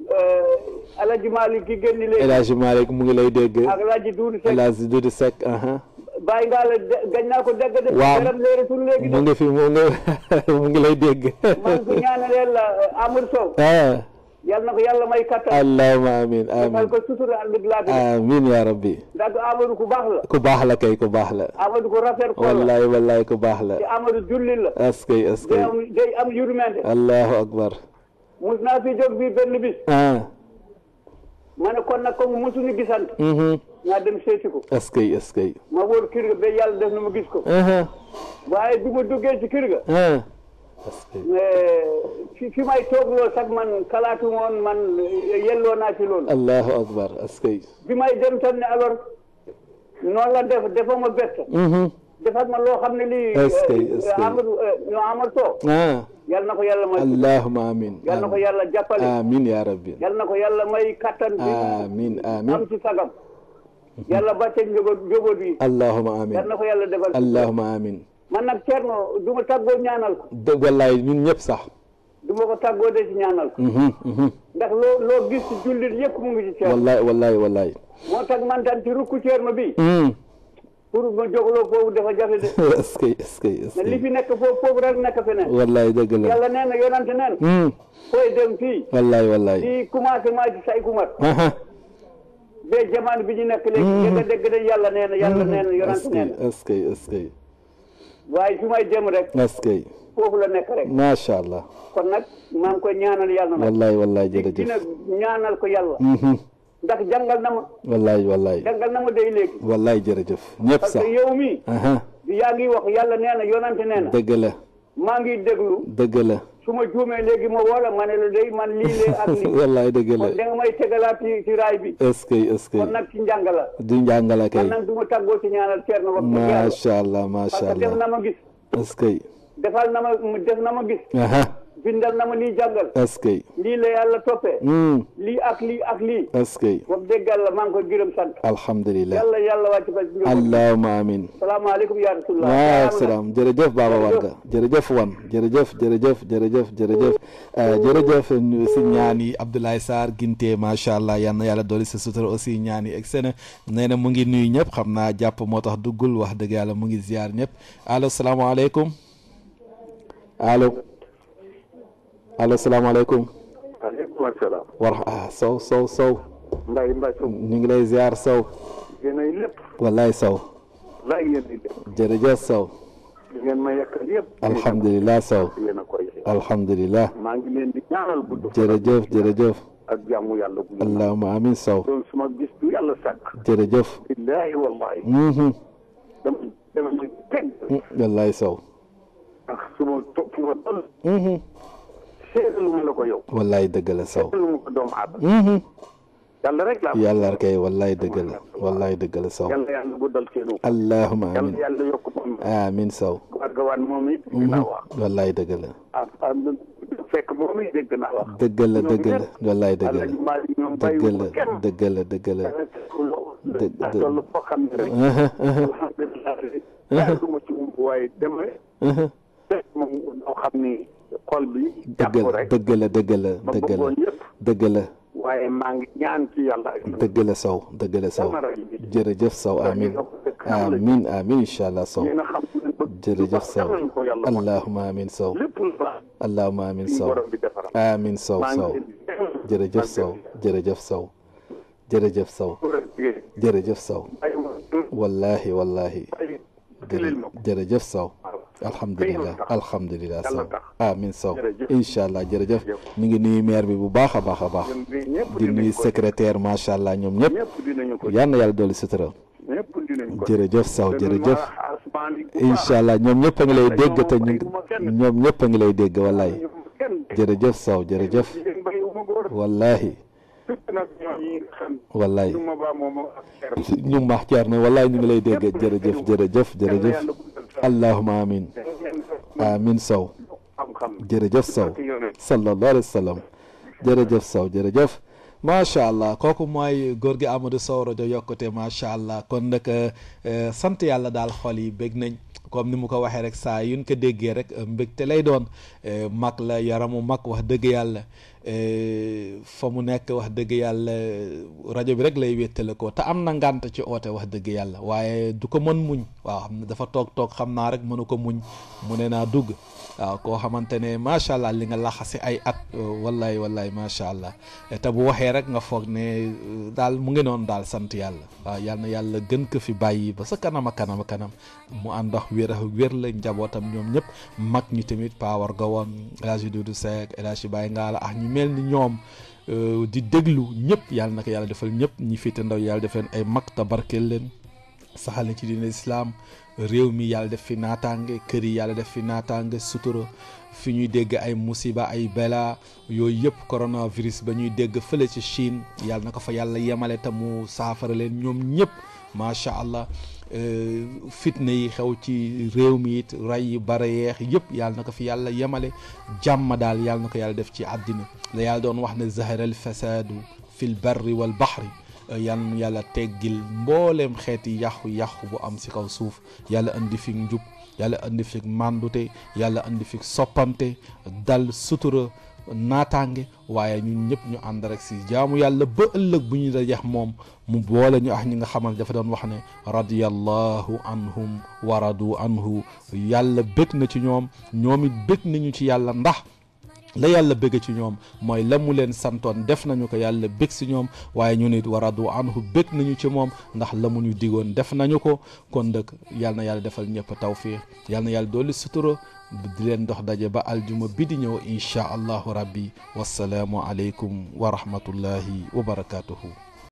eh, El Hadj Malick ki génn léegi. El mu ngi lay dégg. ak El Hadj Doudou Seck El Hadj Doudou Seck. bàyyi ngaa la gañ naa ko dégg. waaw mu ngi fi mu ngi lay dégg. man ku ñaanal yal na ko yàlla may kattan. allahumma amiin amiin defal ko sutura ak rabbi. ndax Amadou ku baax la. ku baax la kay ku baax la. Amadou ku ko la wallaay wallaay ku baax la. te Amadou la. askay askay day am day am yurmande. allahu akbar. mus naa fi jóg bii bis. Ah. ma ne kon nag comme mosuñu gisant. Mm-hmm. naa dem seeti ko. askay askay. ma wóor kër ga ba yàlla def na ma gis ko. Uh-huh. waaye bi ma duggee ci kër ga. Uh-huh. mais eh, fi fi may toogloo sax man kalaatu woon man yelloo naa ci loolu. allahu akbar askay. bi may dem tam ne alors noonu la def dafa ma bett. Mm-hmm. defat ma loo xam ne lii. askay askay eh, Amadou ñoo eh, Amadou Sow. Ah. yal na ko yàlla may. allahumma amiin yal na ko yàlla jàppale. amiin yaa rabbi. yal na ko yàlla may kattan. amiin amiin am ci sagam. yàlla bàcce njaboot njaboot yi. allahumma amiin yal na ko yàlla defal. allahumma amiin. man nag Thierno du ma tàggoo ñaanal ko. dëgg wallaay sax. du ma ko tàggoo de ci ñaanal ko. Mhm, mhm. ndax loo loo gis ci mu ngi ci Thierno. wallaay wallaay wallaay. man daan ci rukku Thierno bi. Mhm. pour ma jógloo foofu dafa jafe de. est-ce que est-ce que est-ce que. li fi nekk foofu foofu rek nekk feneen. wallaay dëgg la yàlla bee jamono bi ñu nekk léegi. dégg dégg de yàlla nee na yàlla nee na yonante neen. waaye fi may dem rek. askay foofu la nekk rek. macha allah. kon nag maa ngi koy ñaanal yàlla nag. wallaay wallaay jërëjëf dina ñaanal ko yàlla. Mhm. ndax jangal na ma. wallaay wallaay jàngal na jërëjëf ñëpp sax parce yow mii. yaa ngi wax yàlla nee na yonante nee na. maa ngi déglu. dëgg la. su ma juumee léegi ma wala ma ne la day man lii lee ak lii wallaay dëgg la kon da nga may tegalaat ci raay bi est-ce que nag ci njàngala di njàngala kay man nag du ma tàggoo ci ñaanal ceerno wax macha allah macha allah parce na ma gis est bindal na ma lii jàngal. est-ce la yàlla toppee. Hmm. lii ak lii ak lii. est-ce que. wax dëgg yàlla maa ngi koy gërëm sant. alhamdulilah yàlla yàlla wàcc ba. allahumma amiin. salaamaaleykum jërëjëf Baba Warga jërëjëf wan jërëjëf jërëjëf jërëjëf jërëjëf. Euh, jërëjëf si ñaani Abdoulaye Sarr Ginte macha allah yal na yàlla dolli sa sutura aussi ñaani ak seen nee na mu ngi nuyu ñëpp xam naa jàpp moo tax duggul wax dëgg yàlla mu ngi ziar ñëpp allo salaamaaleykum allo. allo salaamaaleykum. waaleykum salaam. war ah Sow Sow Sow. Mbaye Mbaye Sow. ñu ngi lay ziar Sow. yéenay lépp. wallaay Sow. wallaay yéenay lépp. jërëjëf Sow. li ngeen ma yàqal yëpp. alhamdulilah Sow. yéen a koy alhamdulilah. maa ngi leen di ñaanal gudd. jërëjëf jërëjëf. ak jàmm yàlla gudd. allahumma amiin Sow. loolu suma gis du yàlla sàkk. jërëjëf. billaahi wallaahi. dama dama teg. wallaay Sow. ak suma topp ma toll. seetalu ma la ko yow. wallaay dëgg la saw seetalu ma ko doomu aadama. Mm-hmm. yàlla rek laa yàlla rek kay wallaay dëgg la wallaay dëgg la saw yàlla yàlla guddal seenu allahuma amiin yàlla yàlla yokk moom amiin saw wargawaan moom it dinaa mm-hmm. wax wallaay dëgg la ah, ah fekk moom it dégg naa wax dëgg la dëgg la wallaay dëgg la dëgg la dëgg la dëgg la dëgg toll foo xam ne rek uh-huh, uh-huh. alhamdulilah uh-huh. duma ci umb waaye deme fekk moom noo xam ni xol bi dëgg la dëgg la dëgg la dëgg la dëgg la waaye maa ngi ñaan ci yàlla dëgg la saw dëgg la saw jërëjëf saw amin amin amin incha allah saw jërëjëf saw allahuma amin saw allahuma amin saw amin saw saw jërëjëf saw jërëjëf saw jërëjëf saw jërëjëf saw wallahi wallahi jërëjëf Sow alhamdulilah alhamdulilah Sow amin Sow incha allah jërëjëf mi ngi nuyu maire bi bu baax a baax a baax di nuyu secrétaire macha allah ñoom ñëpp yal na yàlla dolli sutura jërëjëf Sow jërëjëf incha allah ñoom ñëpp a ngi lay dégg te ñu ñoom ñëpp a ngi lay dégg wallahi jërëjëf Sow jërëjëf wallahi wallaay ñu maax ceer na wallaay ñu ngi lay dégg jërëjëf jërëjëf jërëjëf allahuma amin amin saw jërëjëf sow sallallahu alayhi wa sallam jërëjëf saw jërëjëf macha allah kooku mooy góor gi Amadou Sow rajo yokkute macha allah kon nag eh, sant yàlla daal xol yi bég nañ comme ni mu ko waxee rek saa yun ko déggee rek mbégte lay doon eh, mag la yaramu mag wax dëgg yàlla Eh, fa mu nekk wax dëgg yàlla rajo bi rek lay wéttale ko te am na ngànt ci oote wax dëgg yàlla waaye du ko mën muñ waaw xam ne dafa toog toog xam naa rek mënu ko muñ mu ne naa dugg waaw koo xamante ne macha allah li nga laxasi ay at wallahi wallaay macha allah eh, te bu waxee rek nga foog ne eh, daal mu ngi noonu daal sant yàlla waaw yal na yàlla gën ko fi bàyyi ba sa kanam a kanam a kanam mu ànd ak wér ak wér la njabootam ñoom ñëpp mag ñi tamit Pawar Gawon El Hadj Doudou Seck El Hadj Baye Ngala ah ñu mel ni ñoom euh, di déglu ñëpp yàlla na ko yàlla defal ñëpp ñi féete ndaw yàlla def ay mag tabarkeel leen saxale ci diine islaam réew mi yàlla def fi naataange kër yàlla def fi naataange sutura fi ñuy dégg ay musiba ay bela yooyu yëpp coronavirus ba ñuy dégg fële ci Chine yàlla na ko fa yàlla yemale te mu saafara leen ñoom ñëpp macha allah fitna yi xew ci réew mi it rey yi bare yeex yëpp yàlla na ko fi yàlla yemale jàmm daal yàlla na ko yàlla def ci àddina la yàlla doon wax ne zahara al fasadu fi l barri wal baxri yàlla nu yàlla teggil mbooleem xeeti yàqu-yàqu bu am si kaw suuf yàlla andi fi njub yàlla andi fi màndute yàlla andi fi soppante dal sutura naataange waaye ñun ñëpp ñu ànd rek si jaamu yàlla ba ëllëg bu ñu dajeex moom mu boole ñu ak ñi nga xamante dafa doon wax ne radiyallahu anhum wa radu anhu yàlla bëgg na ci ñoom ñoom it bëgg nañu ci yàlla ndax la yàlla bëgg ci ñoom mooy la mu leen santoon def nañu ko yàlla bëgg si ñoom waaye ñu nit waradu anhu bëgg nañu ci moom ndax la mu ñu digoon def nañu ko kon nag yàlla na yàlla defal ñëpp tawfiix yàlla na yàlla dooli sutura di leen dox daje ba aljuma bi di ñëw inchaa allahu rabbi wasalaamu aleykum wa rahmatullahi wa barakatuhu